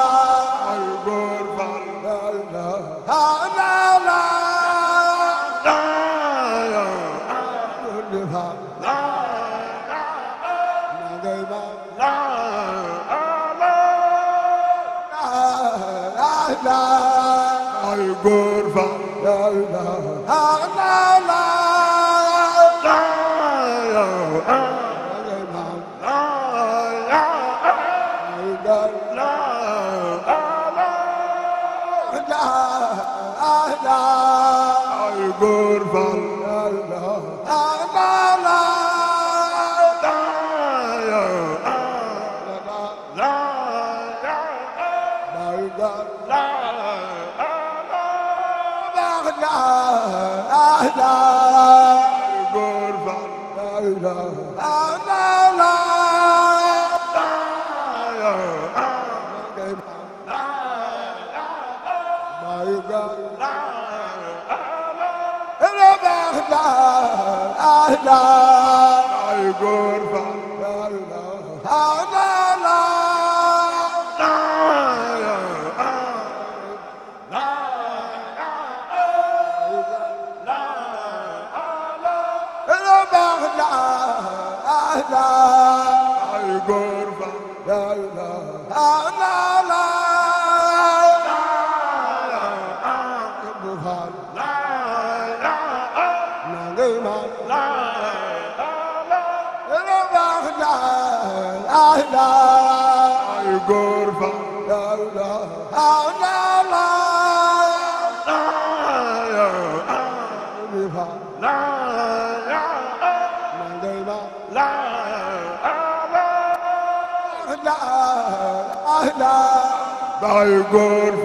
thy good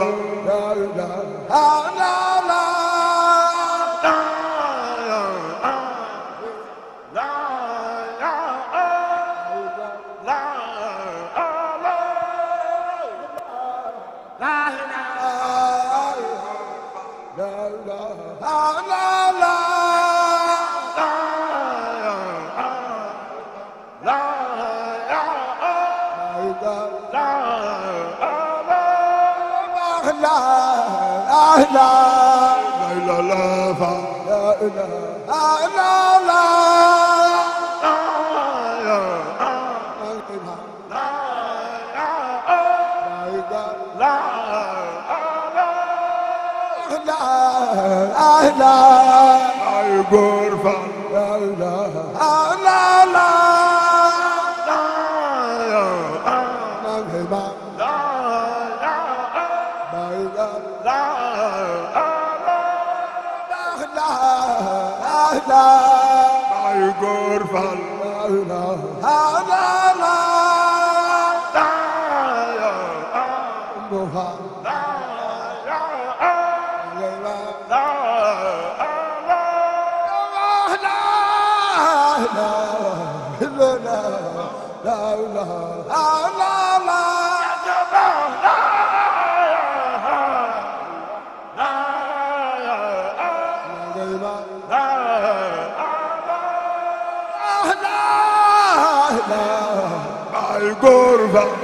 father. إله لا إله لا إله لا لا لا لا لا Gorba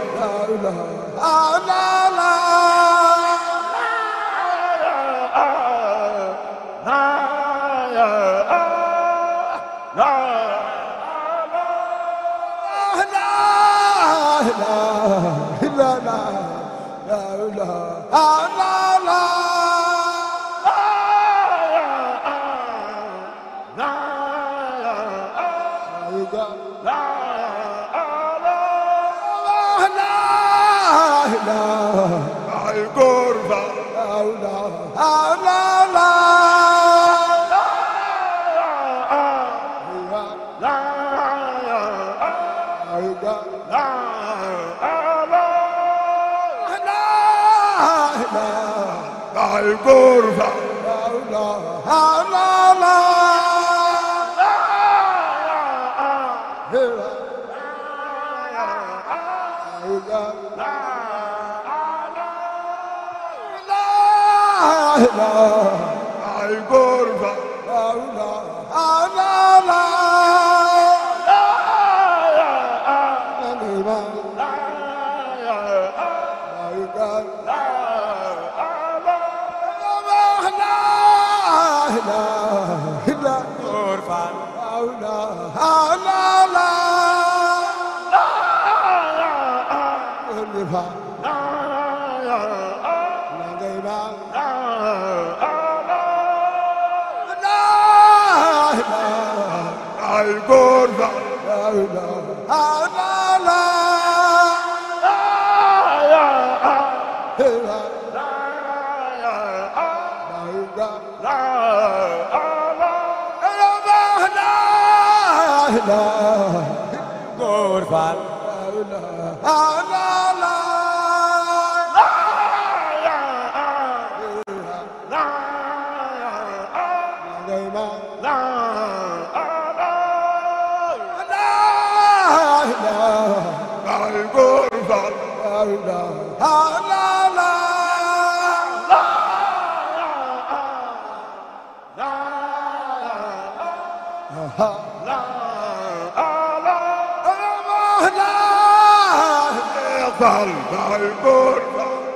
Bal, bal, bal,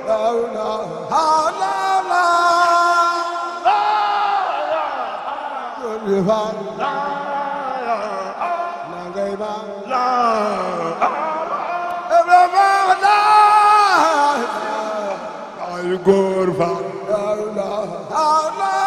bal, bal, bal, bal, bal, bal, الغرفة لا لا لا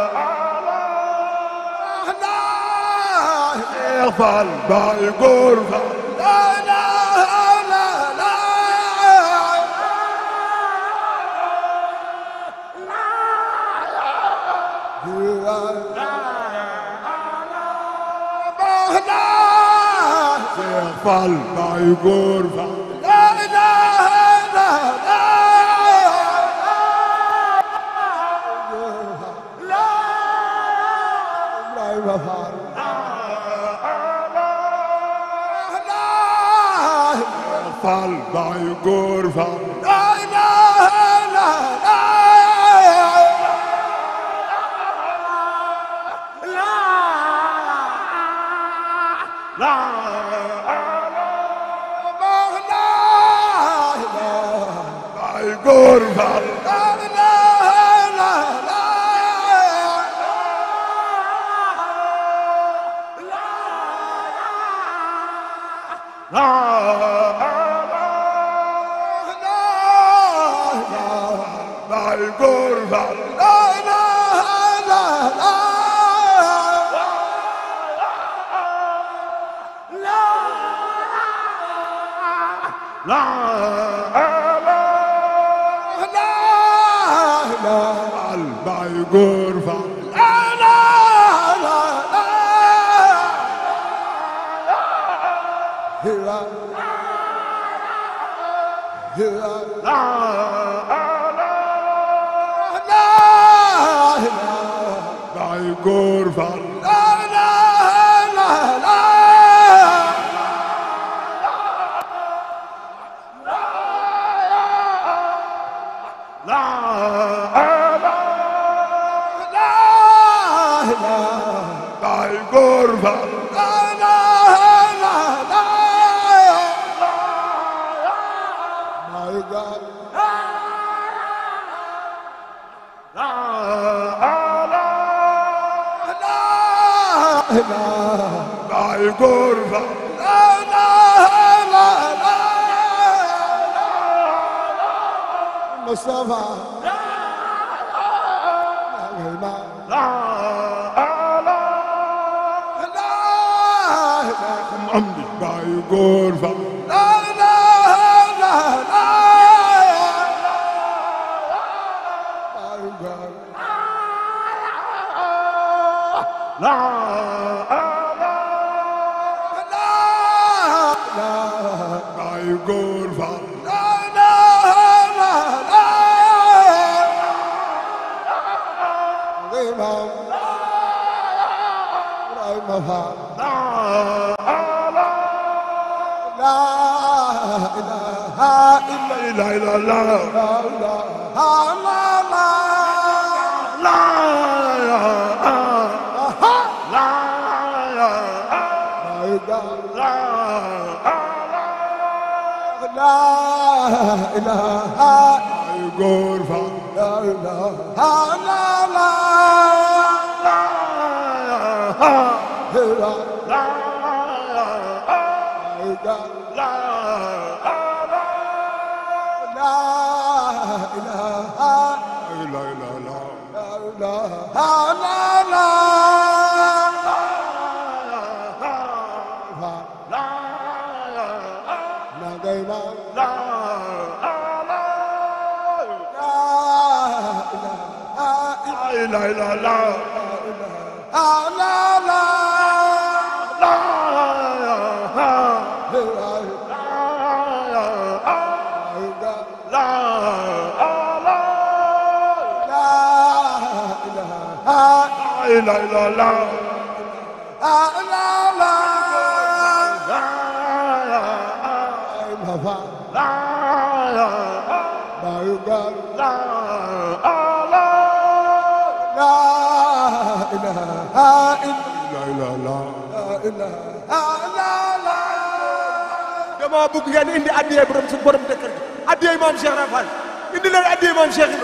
faal baay góor faal faal baay góor faal love bëgg ngeen indi addiyee borom su borom dëkkër addiyee maam Cheikh Rafal indi leen addiyee maam Cheikh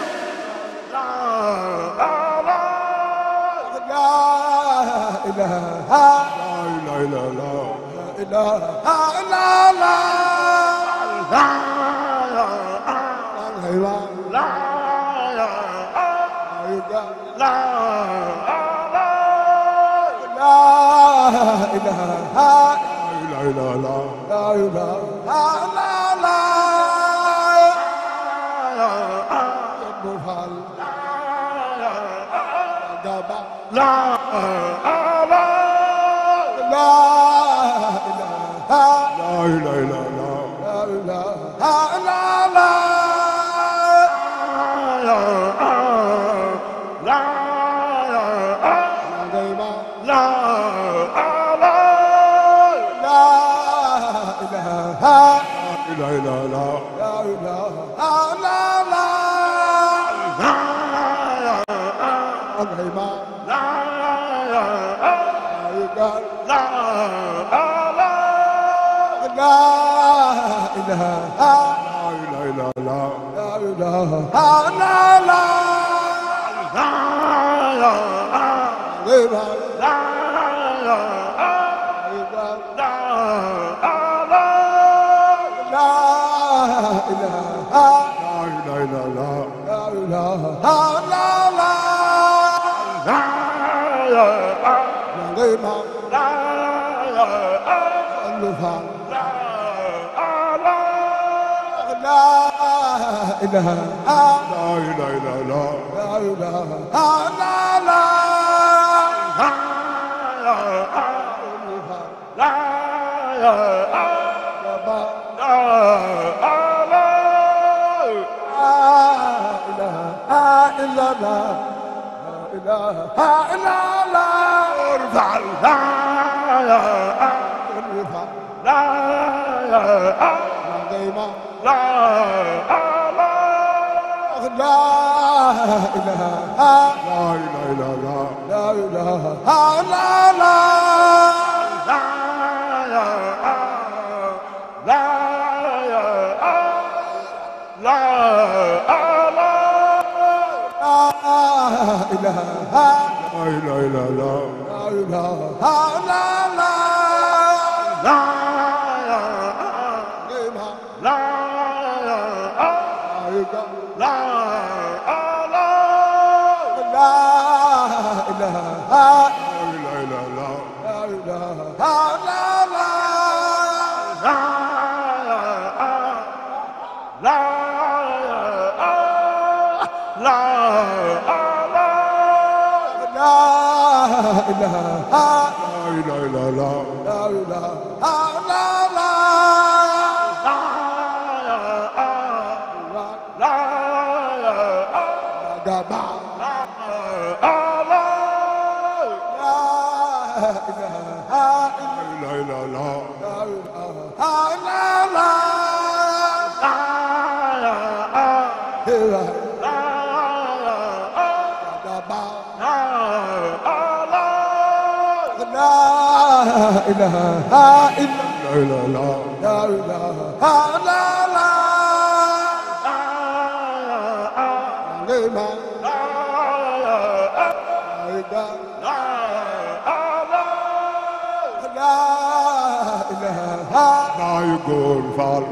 كن فال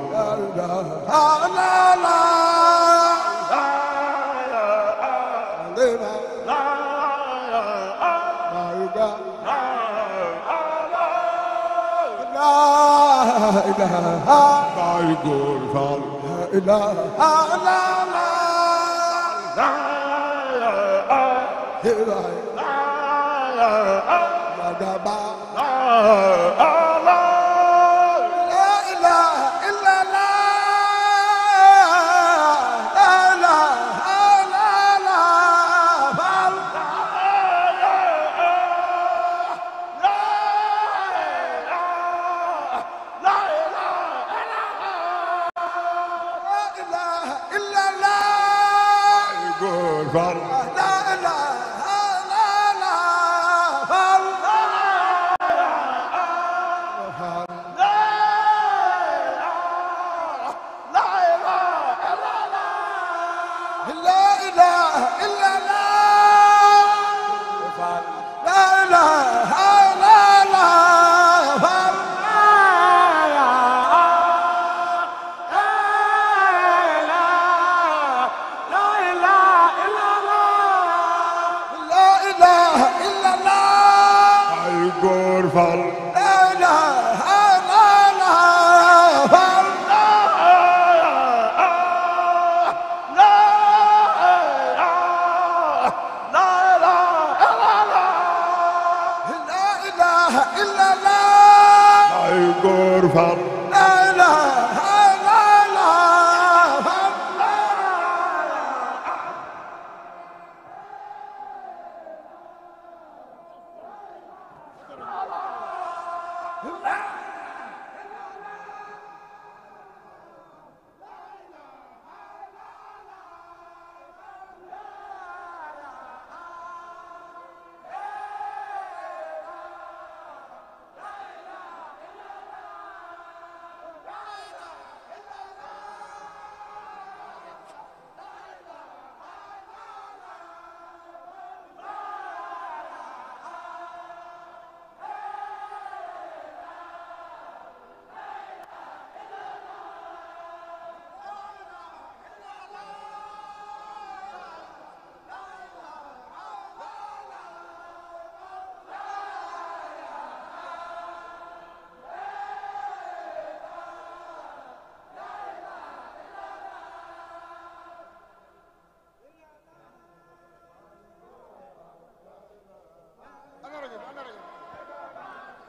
لا لا لا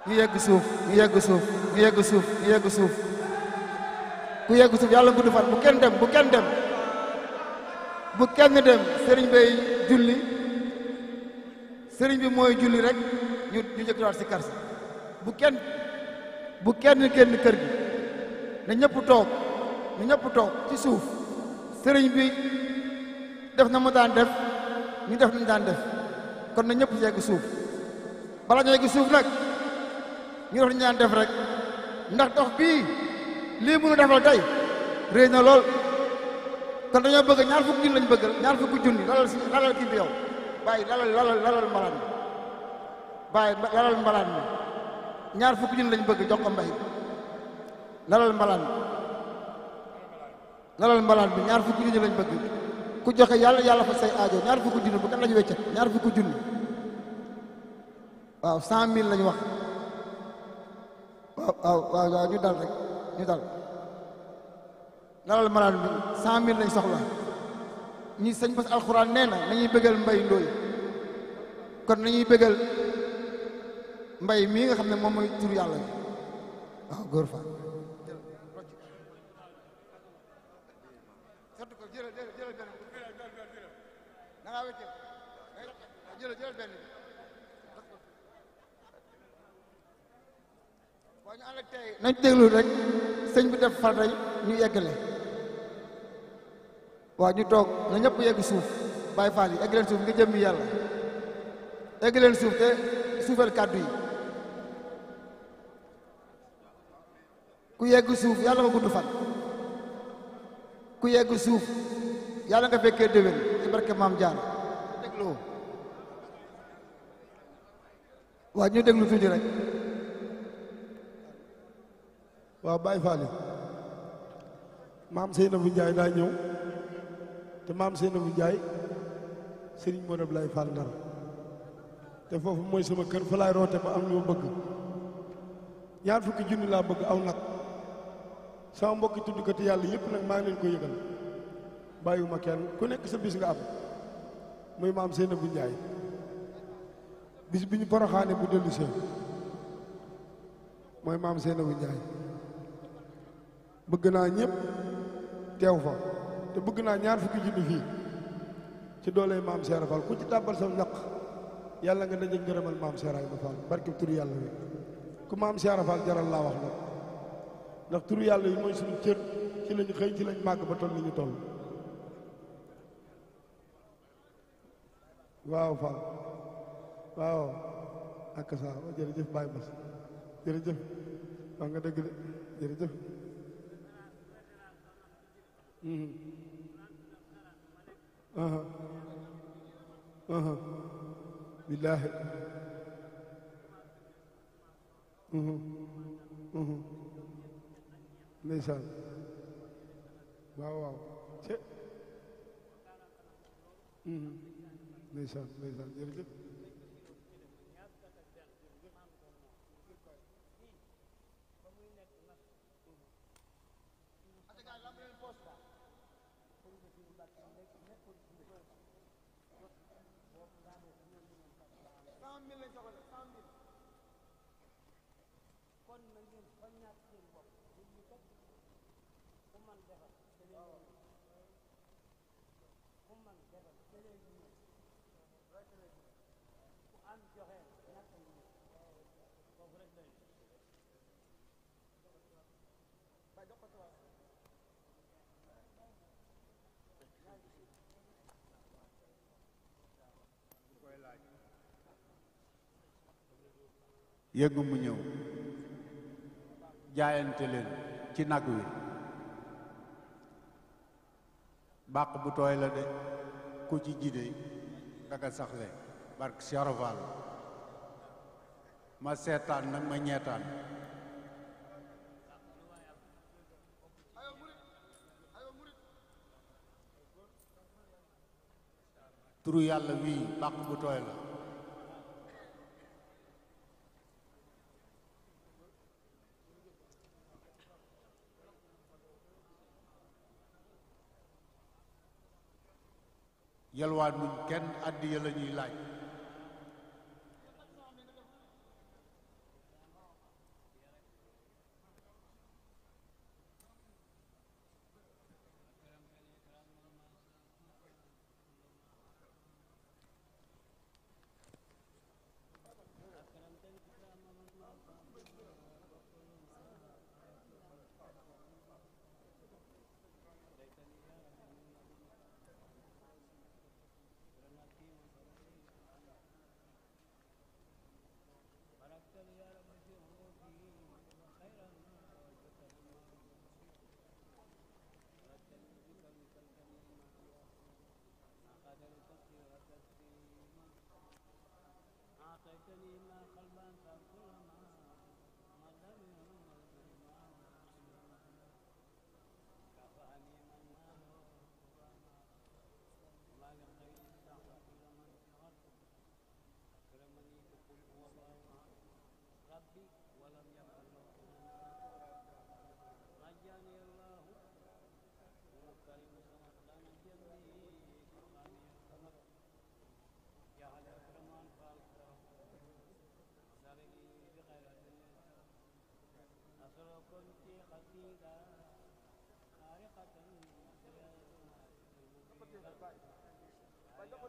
Iya Gusuf, Iya Gusuf, Iya Gusuf, Iya Gusuf. ku iya suuf ku bu dem bu dem bu dem sëriñ bay julli sëriñ bi mooy julli rek ñu ñu jëkkiwaat si karsi bu kenn bu kenn kenn kër gi na ñëpp ñëpp ci suuf bi def na mu daan def ñu def nañu daan def kon na ñëpp suuf bala suuf ñu def ñaan def rek ndax dox li mu ñu defal tay reyna lol lool kon dañoo bëgg ñaar fukk junni lañu bëggal ñaar fukk junni lalal si lalal ci bi yow bay lalal lalal lalal mbalaan bay lalal mbalaan ñaar fukk junni lañu bëgg jox ko mbay lalal mbalaan lalal mbalaan bi ñaar fukk junni lañu bëgg ku joxe yalla yalla fa say aajo ñaar fukk junni bu kan lañu weccat ñaar fukk junni waaw 100000 lañu wax waaw waaw waaw ñu dal rek ñu dal dalal malade bi cent mille lañ soxla ñi sëñ bas alxuraan nee na nañuy bëggal mbay ndóoy kon nañuy bëggal mbay mii nga xam ne moom mooy tur yàlla waaw góor fa ñu ànd ak nañ déglu rek sëñ bi def far rey ñu yeggale waa ñu toog na ñëpp yegg suuf bàyyi faal yi egg suuf nga jëmmi yàlla egg leen suuf te suufal kàddu yi ku yegg suuf yàlla ku yegg suuf nga ci barke jaar ñu rek waaw Baye Fall maam Seynabou Ndiaye daa ñëw te maam Seynabou Ndiaye sëriñ moo def lay Fall Ndar te foofu mooy sama kër fa laay roote ba am ñu ma bëgg ñaar fukki junni laa bëgg aw nag sama mbokki tuddkati yàlla yëpp nag maa ngi leen ko yëgal bàyyiwuma kenn ku nekk sa bis nga am muy maam Seynabou Ndiaye bis bi ñu poroxaane bu dellu seen mooy maam Seynabou Ndiaye bëgg naa ñëpp teew fa te bëgg naa ñaar fukki junni fii ci doole maam Seera ku ci tàbbal sa ñaq yàlla nga daje ngërëmal maam Seera Ibra Fall barke turu yàlla wi ku maam Seera Fall jaral laa wax nag ndax tur yàlla yi mooy suñu cër ci lañu xëy ci lañ màgg ba toll ni ñu toll waaw Fall waaw ak saa jërëjëf Baye Bass jërëjëf wax nga dëgg de jërëjëf billaahi ndeysaan waaw waaw mm-hmm. ndeysaan ndeysaan jërëjëf yëngu mu ñëw jaayante leen ci nag wi bàq bu tooy la de ku ci jide daga saxle barke Saraval ma seetaan nag ma ñeetaan turu yàlla wii bàq bu tooy la yalwaan muñ kenn addiya ya lañuy laaj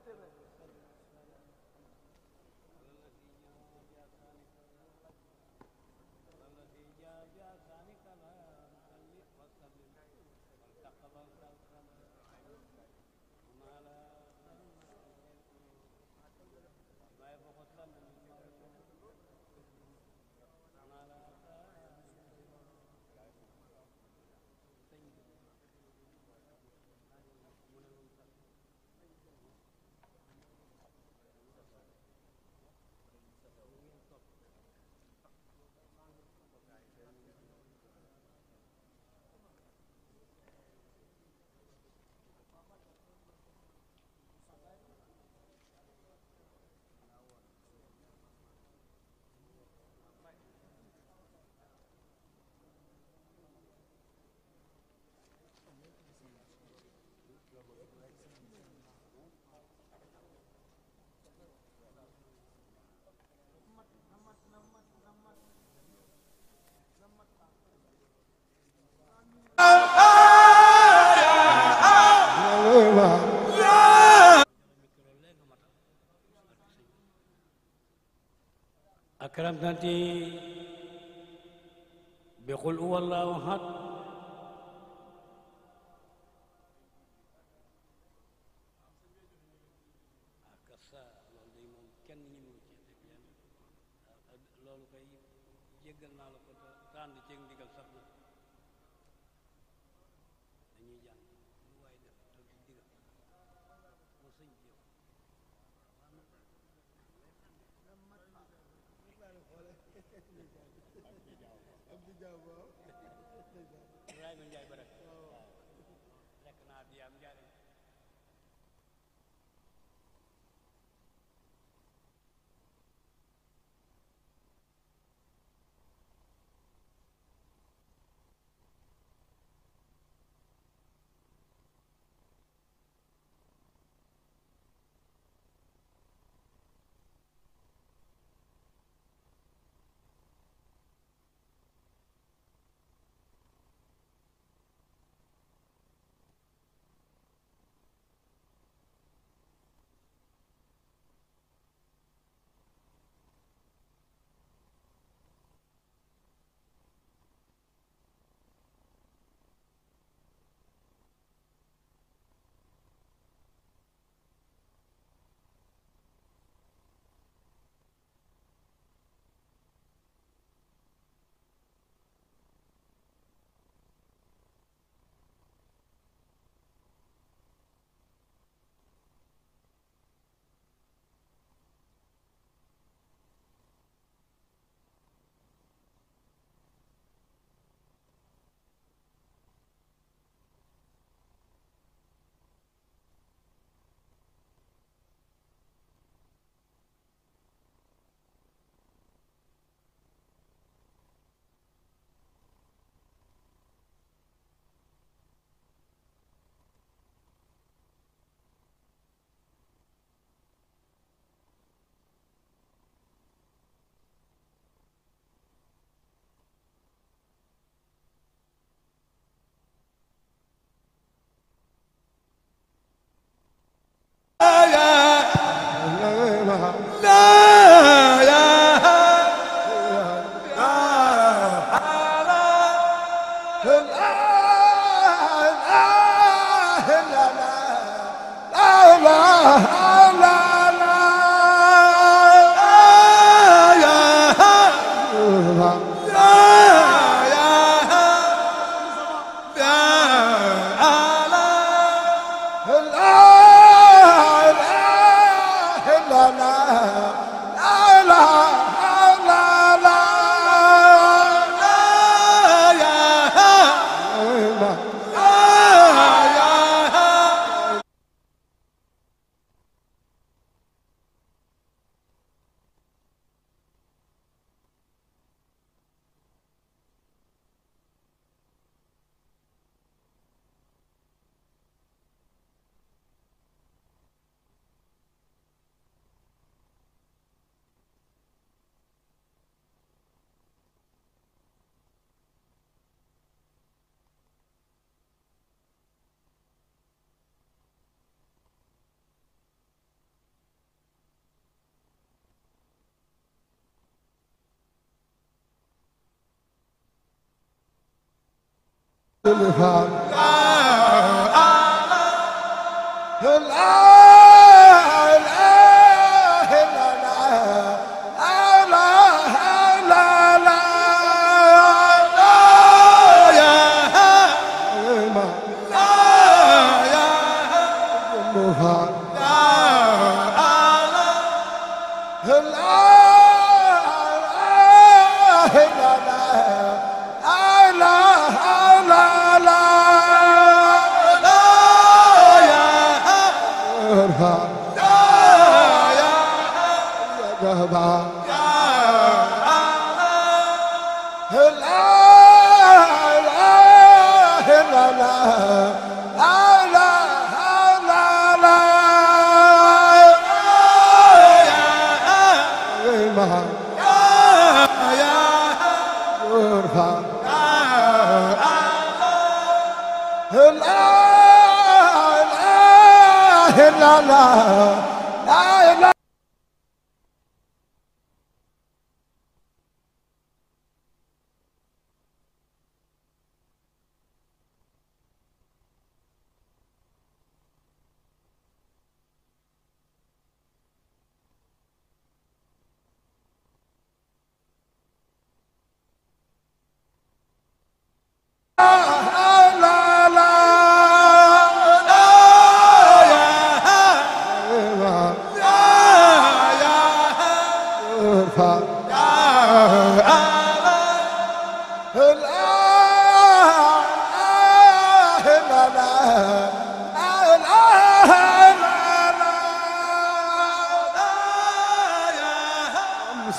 gracias. كلام دانتي بيقول هو الله أحد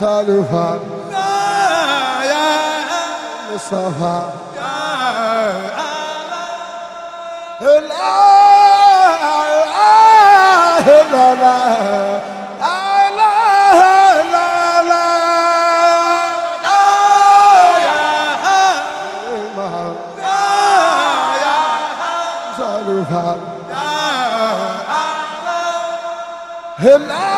أمثالها يا مصطفى Him out.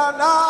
Maranatha.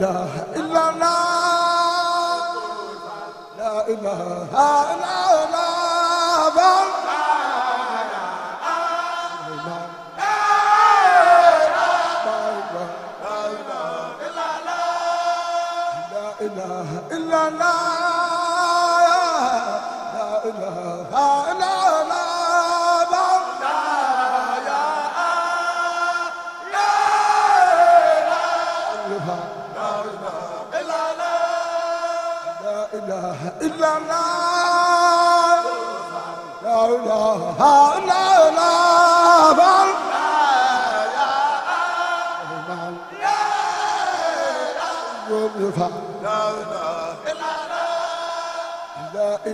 لا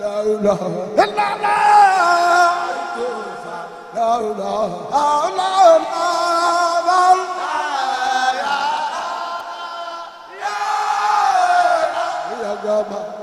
لا إله إلا الله لا إله إلا الله يا جماعة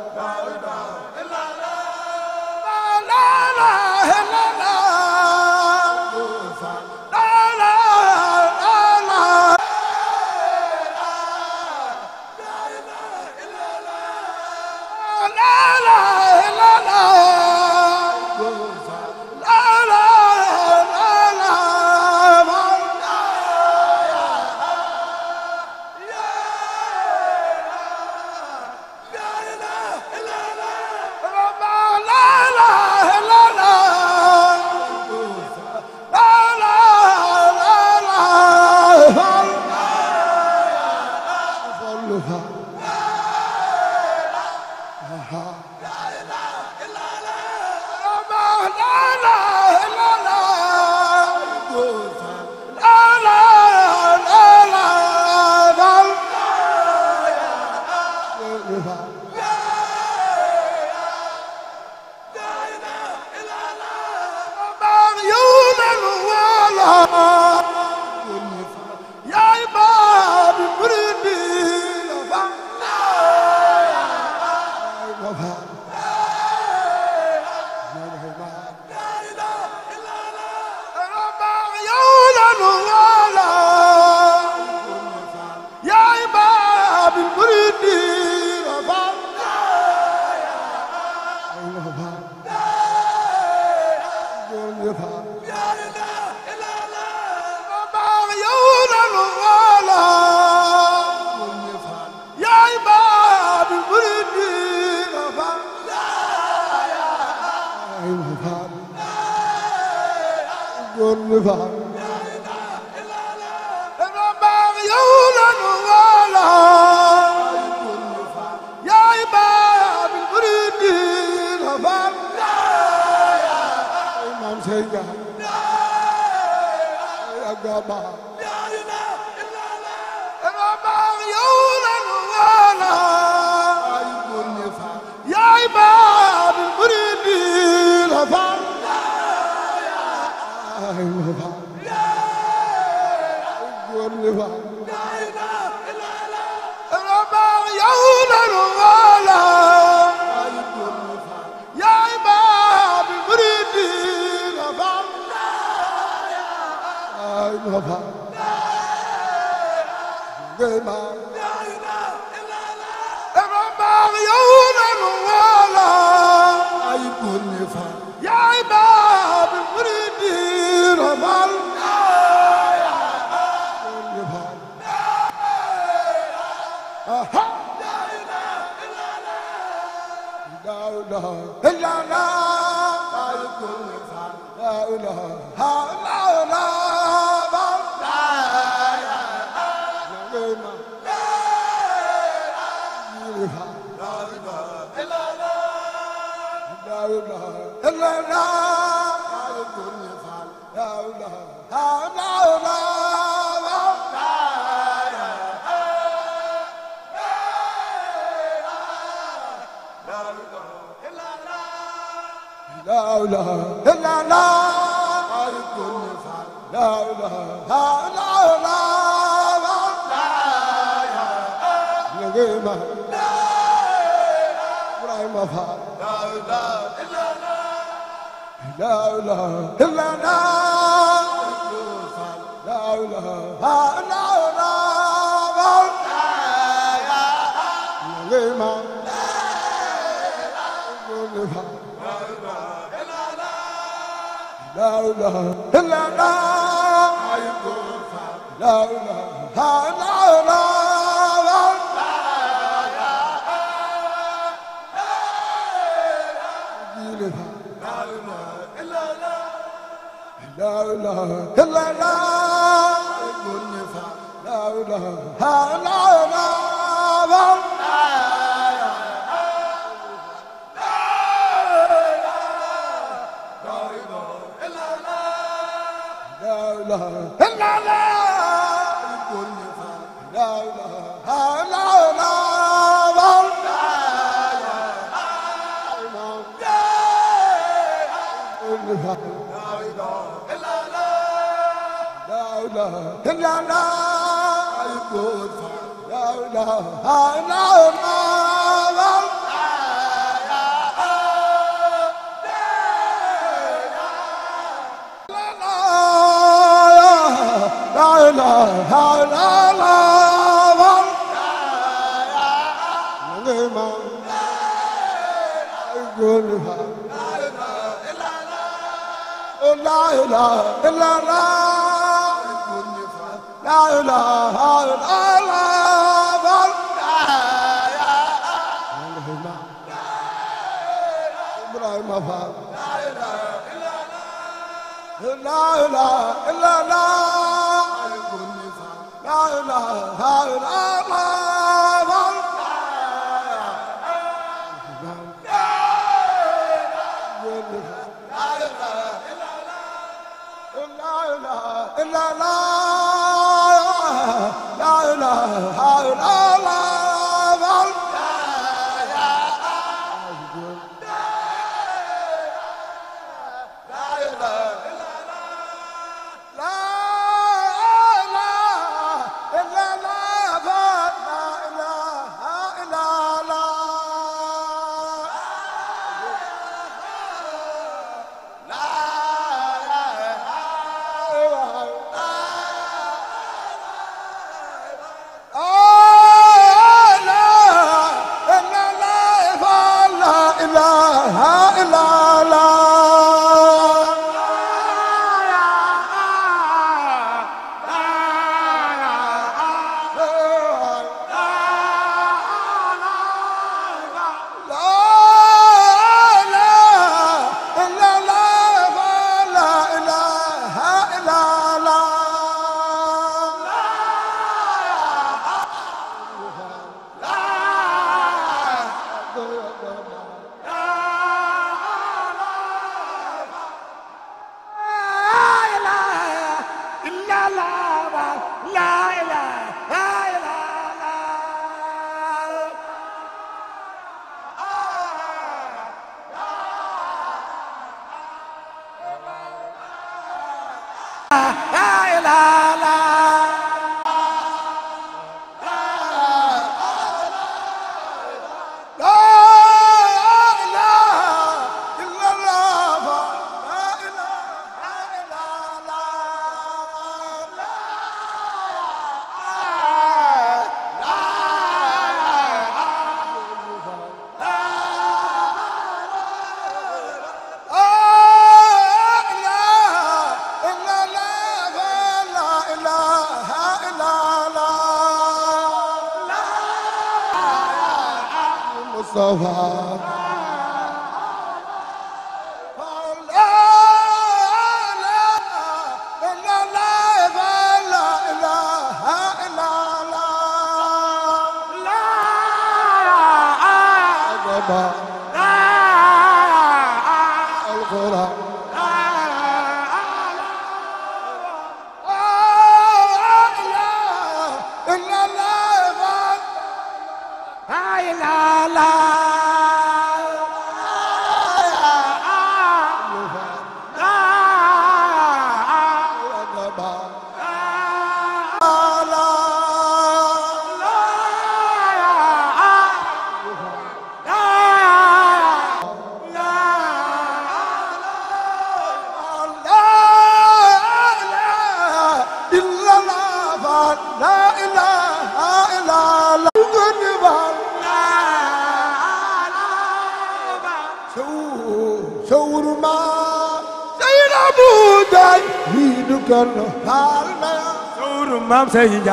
在。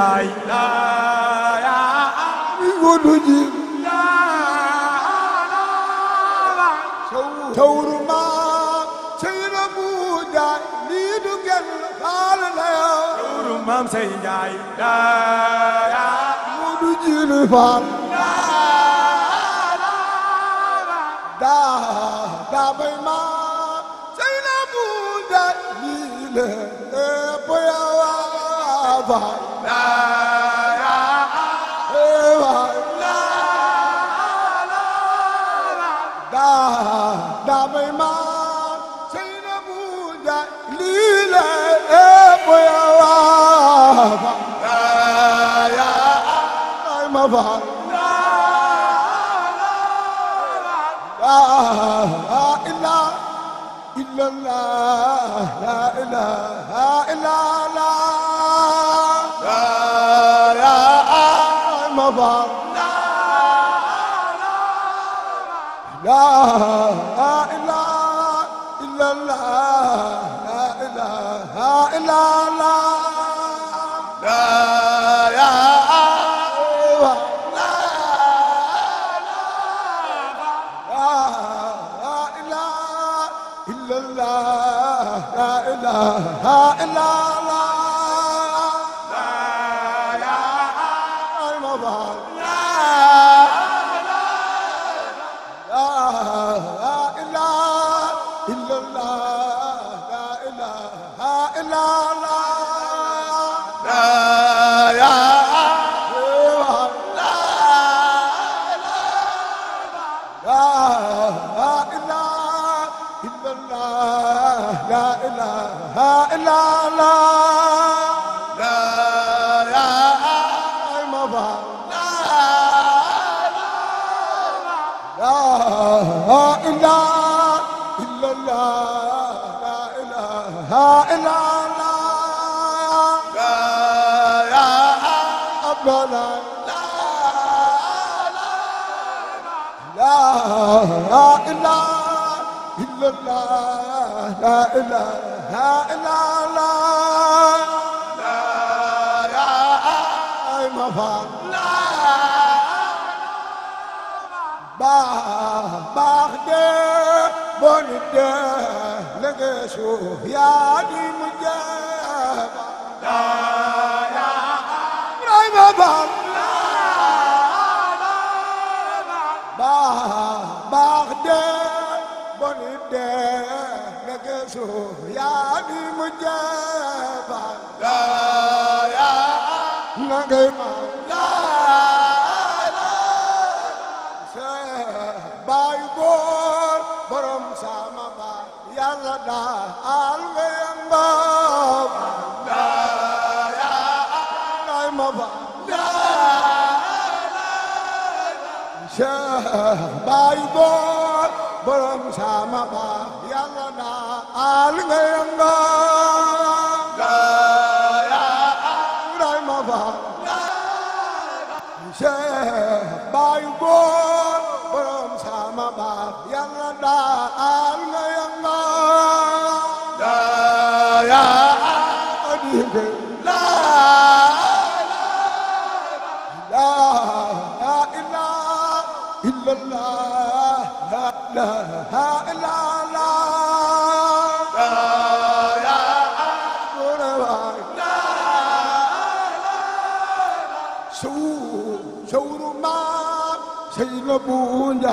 daa पूं पूंजा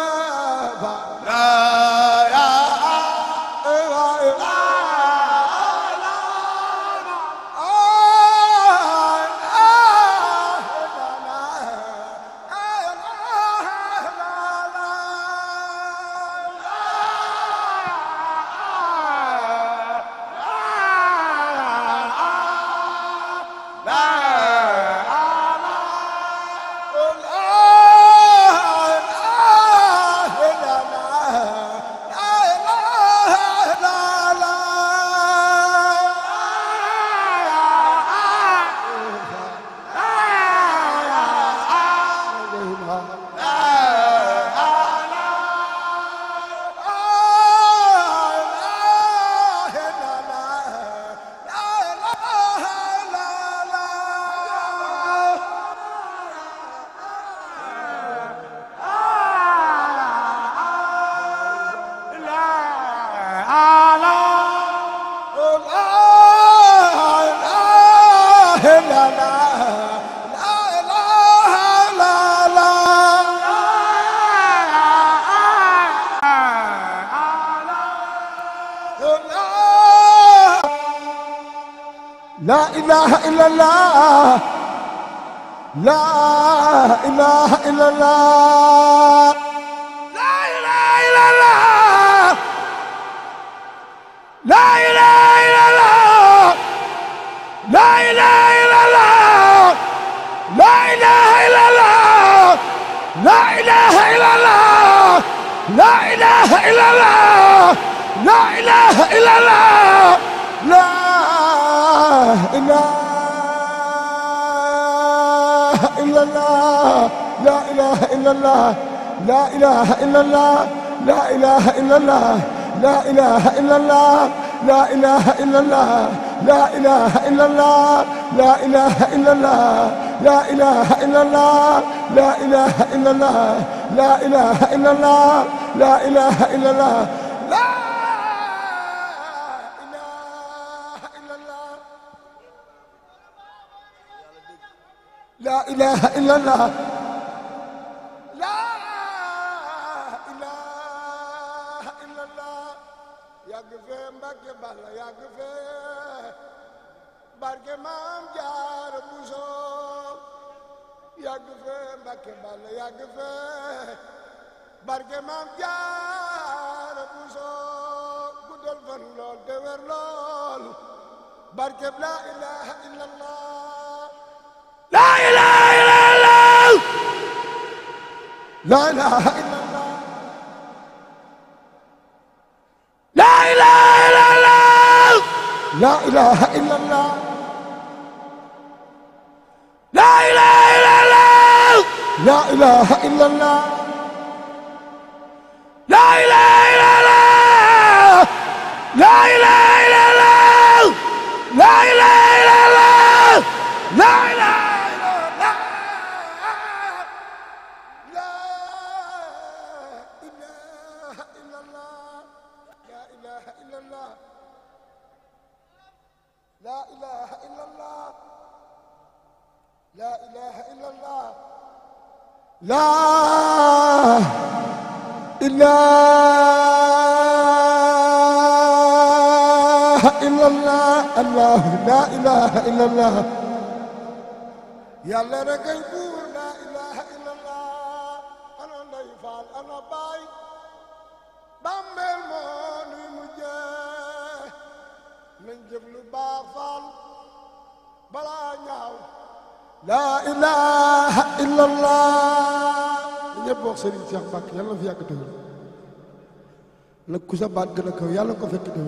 sa baat gën a kaw yàlla ko fi yàgg te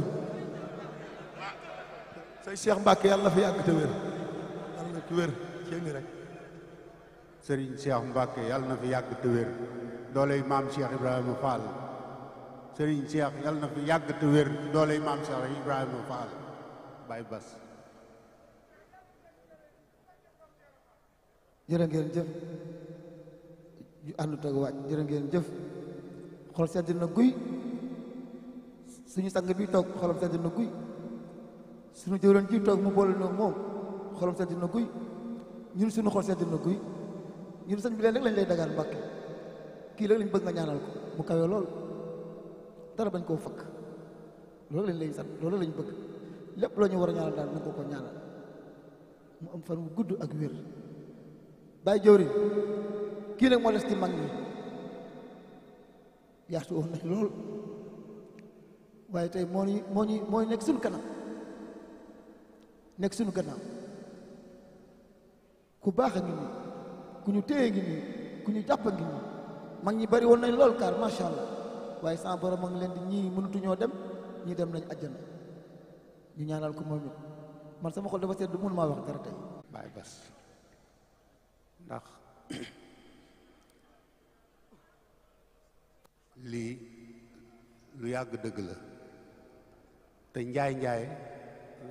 wér yàlla na ci wér cee yàlla na fi yàgg te wér dooley maam Cheikh Ibrahima Fall Serigne Cheikh yàlla na fi yàgg te wér dooley maam Cheikh Ibrahima Fall Baye Bass jërë ngeen jëf ju àndut wàcc jërë ngeen jëf xol sedd na guy suñu sang bi tok xolam sedd dina guy suñu jëwlan ci tok mu bol no mo xolam sedd dina guy ñun suñu xol sedd dina guy ñun sang bi leen rek lañ lay dagaan mbàkke ki rek lañ bëgg nga ñaanal ko mu kawé lool dara bañ ko fakk lool lañ lay sat lool lañ bëgg lepp lañu wara ñaanal daal nañ ko ñaanal mu am fan wu gudd ak wër bay jëwri ki nag mo des ci mag ni yaxtu on na lool waaye tey moo ñu moo ñu mooy ñu nekk suñu kanam nekk suñu gannaaw ku baax a ngi nii ku ñu téye ngi nii ku ñu jàpp a ngi nii mag ñi bari woon nañ lool kaar macha allah waaye sama borom a ngi leen di ñii mënutuñoo dem ñii dem nañ àjjana ñu ñaanal ko moom it man sama xol dafa sedd mënu maa wax dara tey baay bas ndax lii lu yàgg dëgg la te njaay njaay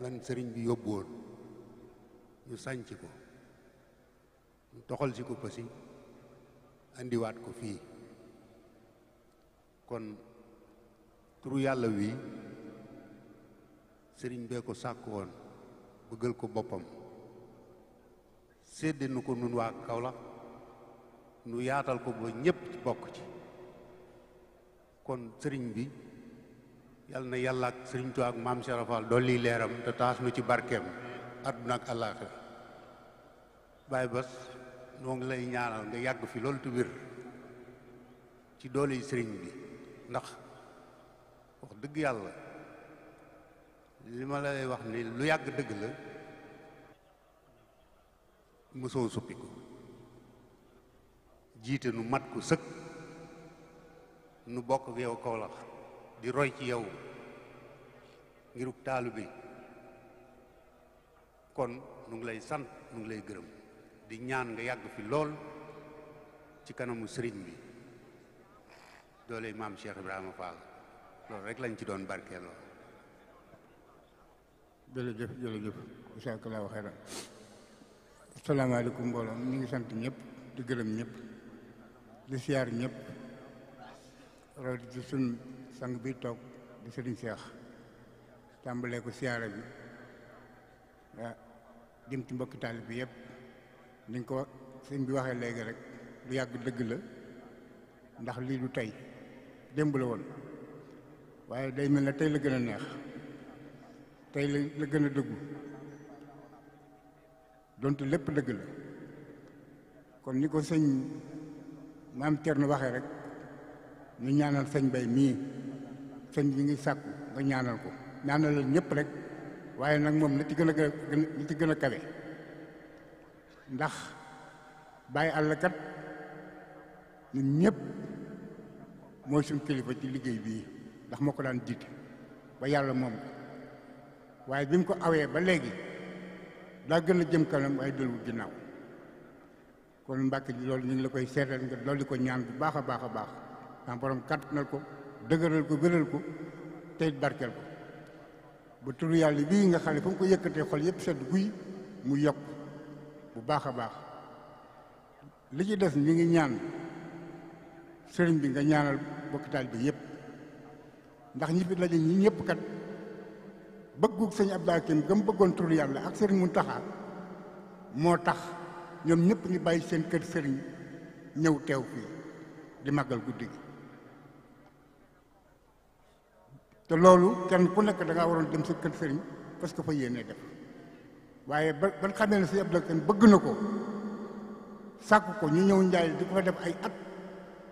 lan sëriñ bi yóbbu woon ñu sañc ko ñu toxal si ko pasi indiwaat ko fii kon turu yàlla wii sëriñ bee ko sàkk woon bëggal ko boppam sédd nu ko nun waa la nu yaatal ko ba ñépp ci bokk ci kon sëriñ bi yal na yàlla ak sëriñ Tuubaa ak maam Cheikh Fall dolli leeram te taas nu ci barkeem àdduna ak àllaaxira Baay Bas noo ngi lay ñaanal nga yàgg fi loolu te wir ci doole sëriñ bi ndax wax dëgg yàlla li ma lay wax ni lu yàgg dëgg la mosoo suppi ko jiite nu mat ko sëkk nu bokk ak yow Kawlax di roy ci yow ngiruk taalu bi kon nu ngi lay sant nu ngi lay gërëm di ñaan nga yàgg fi lool ci kanamu sëriñ bi doole maam Cheikh Ibrahima Fall loolu rek lañ ci doon barkeeloo jërëjëf jërëjëf jazaakallaahu xayran asalaamaaleykum mbooloo ñu ngi sant ñëpp di gërëm ñëpp di siyaar ñëpp rawati ci sang bi toog di sëriñ seex tàmbalee ko siyaara bi ah jëm ci mbokki taalib bi yépp ni nga ko sëñ bi waxee léegi rek lu yàgg dëgg la ndax lii du tey démb la woon waaye day mel ne tey la gën a neex tey la la gën a dëggu donte lépp dëgg la kon ni ko sëñ maam Thierno waxe rek ñu ñaanal sëñ bay mii sëñ bi ngi sàkku nga ñaanal ko ñaanalal ñëpp rek waaye nag moom na ci gën a gën ci gën a kawe ndax bàyyi àll kat ñun ñëpp mooy suñu kilifa ci liggéey bii ndax moo ko daan jiite ba yàlla moom waaye bi mu ko awee ba léegi daa gën a jëm kanam waaye dul ginnaaw kon Mbàkke loolu ñu ngi la koy seetal nga dolli ko ñaan bu baax a baax a baax ndax borom kàttanal ko dëgëral ko wéral ko teyit barkeel ko ba turu yàlla bii nga xam ne fa mu ko yëkkatee xol yëpp sedd guy mu yokk bu baax a baax li ci des ñu ngi ñaan sëriñ bi nga ñaanal bokki bi yëpp ndax ñibbi fi daje ñi ñëpp kat bëggug sëñ Abdou Hakim gëm bëggoon turu yàlla ak sëriñ Muntaxa moo tax ñoom ñëpp ñu bàyyi seen kër sëriñ ñëw teew fii di màggal guddi gi te loolu kenn ku nekk da waroon dem sa kër sëriñ parce que fa yéenee def waaye ba ba xamee ne si ab la kenn bëgg na ko sàkk ko ñu ñëw njaay di ko fa def ay at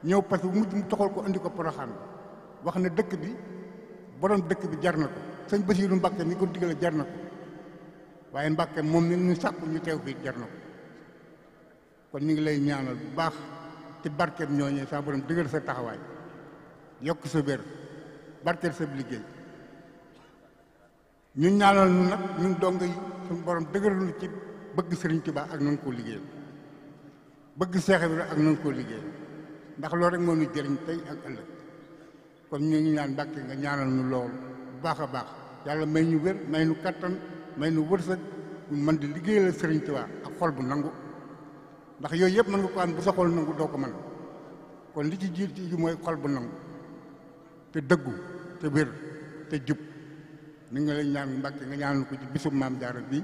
ñëw parce que bu mujj mu toxal ko indi ko poroxaan wax ne dëkk bi borom dëkk bi jar na ko ba Basiiru Mbàkke ni ko digale jar na ko waaye Mbàkke moom ni ñu sàkku ñu teew fii jar na ko kon ñu ngi lay ñaanal bu baax ci barkeem ñooñee saa borom digal sa taxawaay yokk sa wér barkeel sa liggéey ñu ñaanal nu nag ñun dong yi suñu borom dëgëral nu ci bëgg sëriñ Tuubaa ak nun koo liggéeyal bëgg Seex Ibra ak nun koo liggéeyal ndax loolu rek moo ñu jëriñ tey ak ëllëg kon ñu ngi ñaan mbakke nga ñaanal nu lool bu baax a baax yàlla may ñu wér may nu kattan may nu wërsëg man di liggéeyal sëriñ Tuubaa ak xol bu nangu ndax yooyu yëpp mën nga ko am bu sa xol nangu doo ko mën kon li ci jiir ci ji mooy xol bu nangu te dëggu te wér te jub ni nga lay ñaan Mbàkke nga ñaanal ko ci bisu maam Jaara bi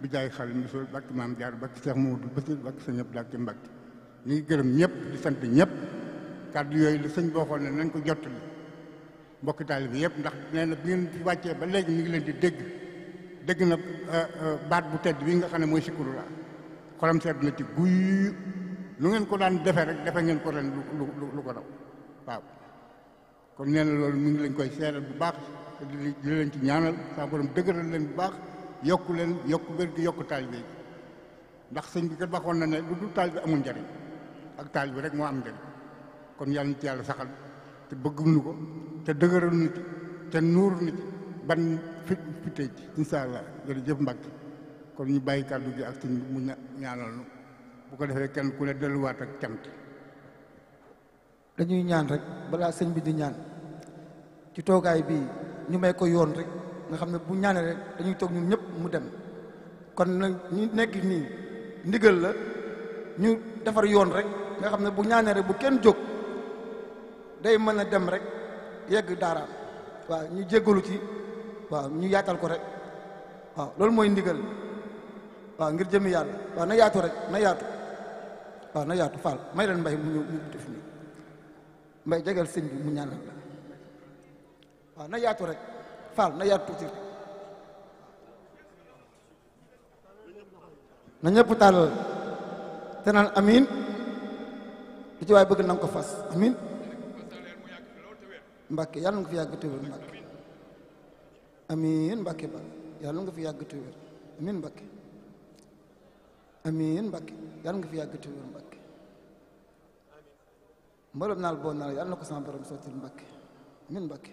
bi jaay xal misul bàkk maam Jaara bàkk Seex Mamadu si bàkk sa ñëpp Mbàkke Mbàkke ñu ngi gërëm ñëpp di sant ñëpp kàddu yooyu la sëñ boo xool ne nañ ko jottali mbokki taalibe yëpp ndax nee na bi ngeen fi wàccee ba léegi mi ngi leen di dégg dégg na euh, euh, baat bu tedd bi nga xam ne mooy sikuru la xolam sedd na ci guy nu ngeen ko daan defee rek defe ngeen ko ren lu lu kon nee na loolu mu ngi lañ koy seeral bu baax di leen ci ñaanal saa borom leen bu baax yokku leen yokk wér gi yokku taalibe bi ndax sëñ bi kat waxoon na ne lu dul taalibe amul njariñ ak bi rek moo am njariñ kon yàlla na ci yàlla saxal te bëgguñu ko te dëgëral nit te nuur nit ban fit fitee ci incha allah jërëjëf Mbacke kon ñu bàyyi kàddu gi ak sëñ bi mu ñaanal bu ko defee kenn ku ne delluwaat ak cant dañuy ñaan rek balaa sëñ bi di ñaan ci toogaay bii ñu may ko yoon rek nga xam ne bu ñaanee rek dañuy toog ñun ñëpp mu dem kon nag ñu nekk nii ndigal la ñu defar yoon rek nga xam ne bu ñaanee bu kenn jóg day mën a dem rek yegg daaraam waa ñu jéggalu ci waaw ñu yaatal ko rek waaw loolu mooy ndigal waaw ngir jëmi yàlla waaw na yaatu rek na yaatu waaw na yaatu faal may leen mbay mu ñu def nii mbay jagal sëñ bi mu ñaanal la waaw na yaatu rek faal na yaatu tuuti na ñëpp te naan amin lu ci waaye bëgg na ko fas amin mbàkke yàlla nga fi yàgg te wér mbàkke amin mbàkke ba nga fi yàgg te wér amin mbàkke amin mbàkke yàlla nga fi yàgg te wér mbàkke mboolem naal boo naal yàlla na ko sama borom sottil mbàkke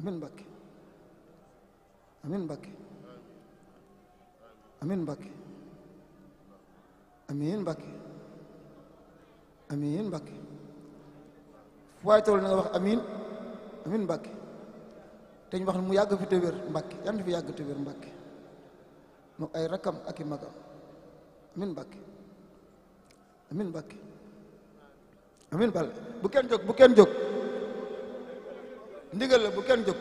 amin Mbàkke amin Mbàkke amin Mbàkke amin Mbàkke amin Mbàkke fu waay toll na wax amin amin Mbàkke te wax ne mu yàgg fi te wér Mbàkke yal na fi yàgg te wér Mbàkke mu ay rakam ak i magam amin Mbàkke amin Mbàkke amin bal bu kenn jóg bu kenn jóg ndigal la bu kenn jog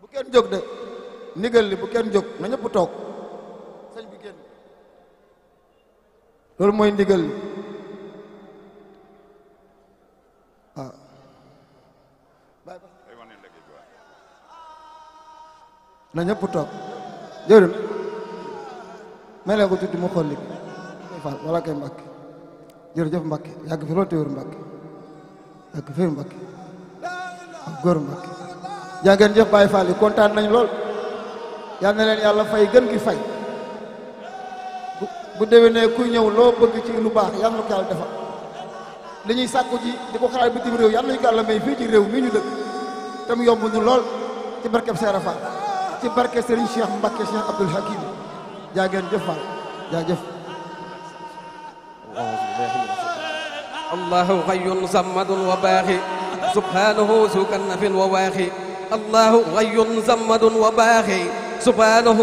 bu kenn jog de ndigal li bu kenn jog na ñepp tok señ bi génn lool moy ndigal ah. na ñepp tok jërëm may ko tuddi mu xolli li wala kay Mbàkke jërëjëf Mbàkke yag fi lo téwér Mbàkke ak fii Mbakke ak góor Mbakke jaa jëf Baay Faal yi kontaan nañ lool yal na leen yàlla fay gën gi fay bu bu déwénee ku ñëw loo bëgg ci lu baax yal na ko yàlla defal li ñuy sàkku ji di ko xalaat bitim réew yal nañu ko yàlla may fii ci réew mi ñu dëkk tam yomb ñu lool ci barkeb Seera Faal ci barke Serigne Cheikh Mbakke Cheikh Abdoul Hakim jaa ngeen jëf Faal jaa jëf الله غي زمد وباغي سبحانه ذو في وواغي الله غي زمد وباغي سبحانه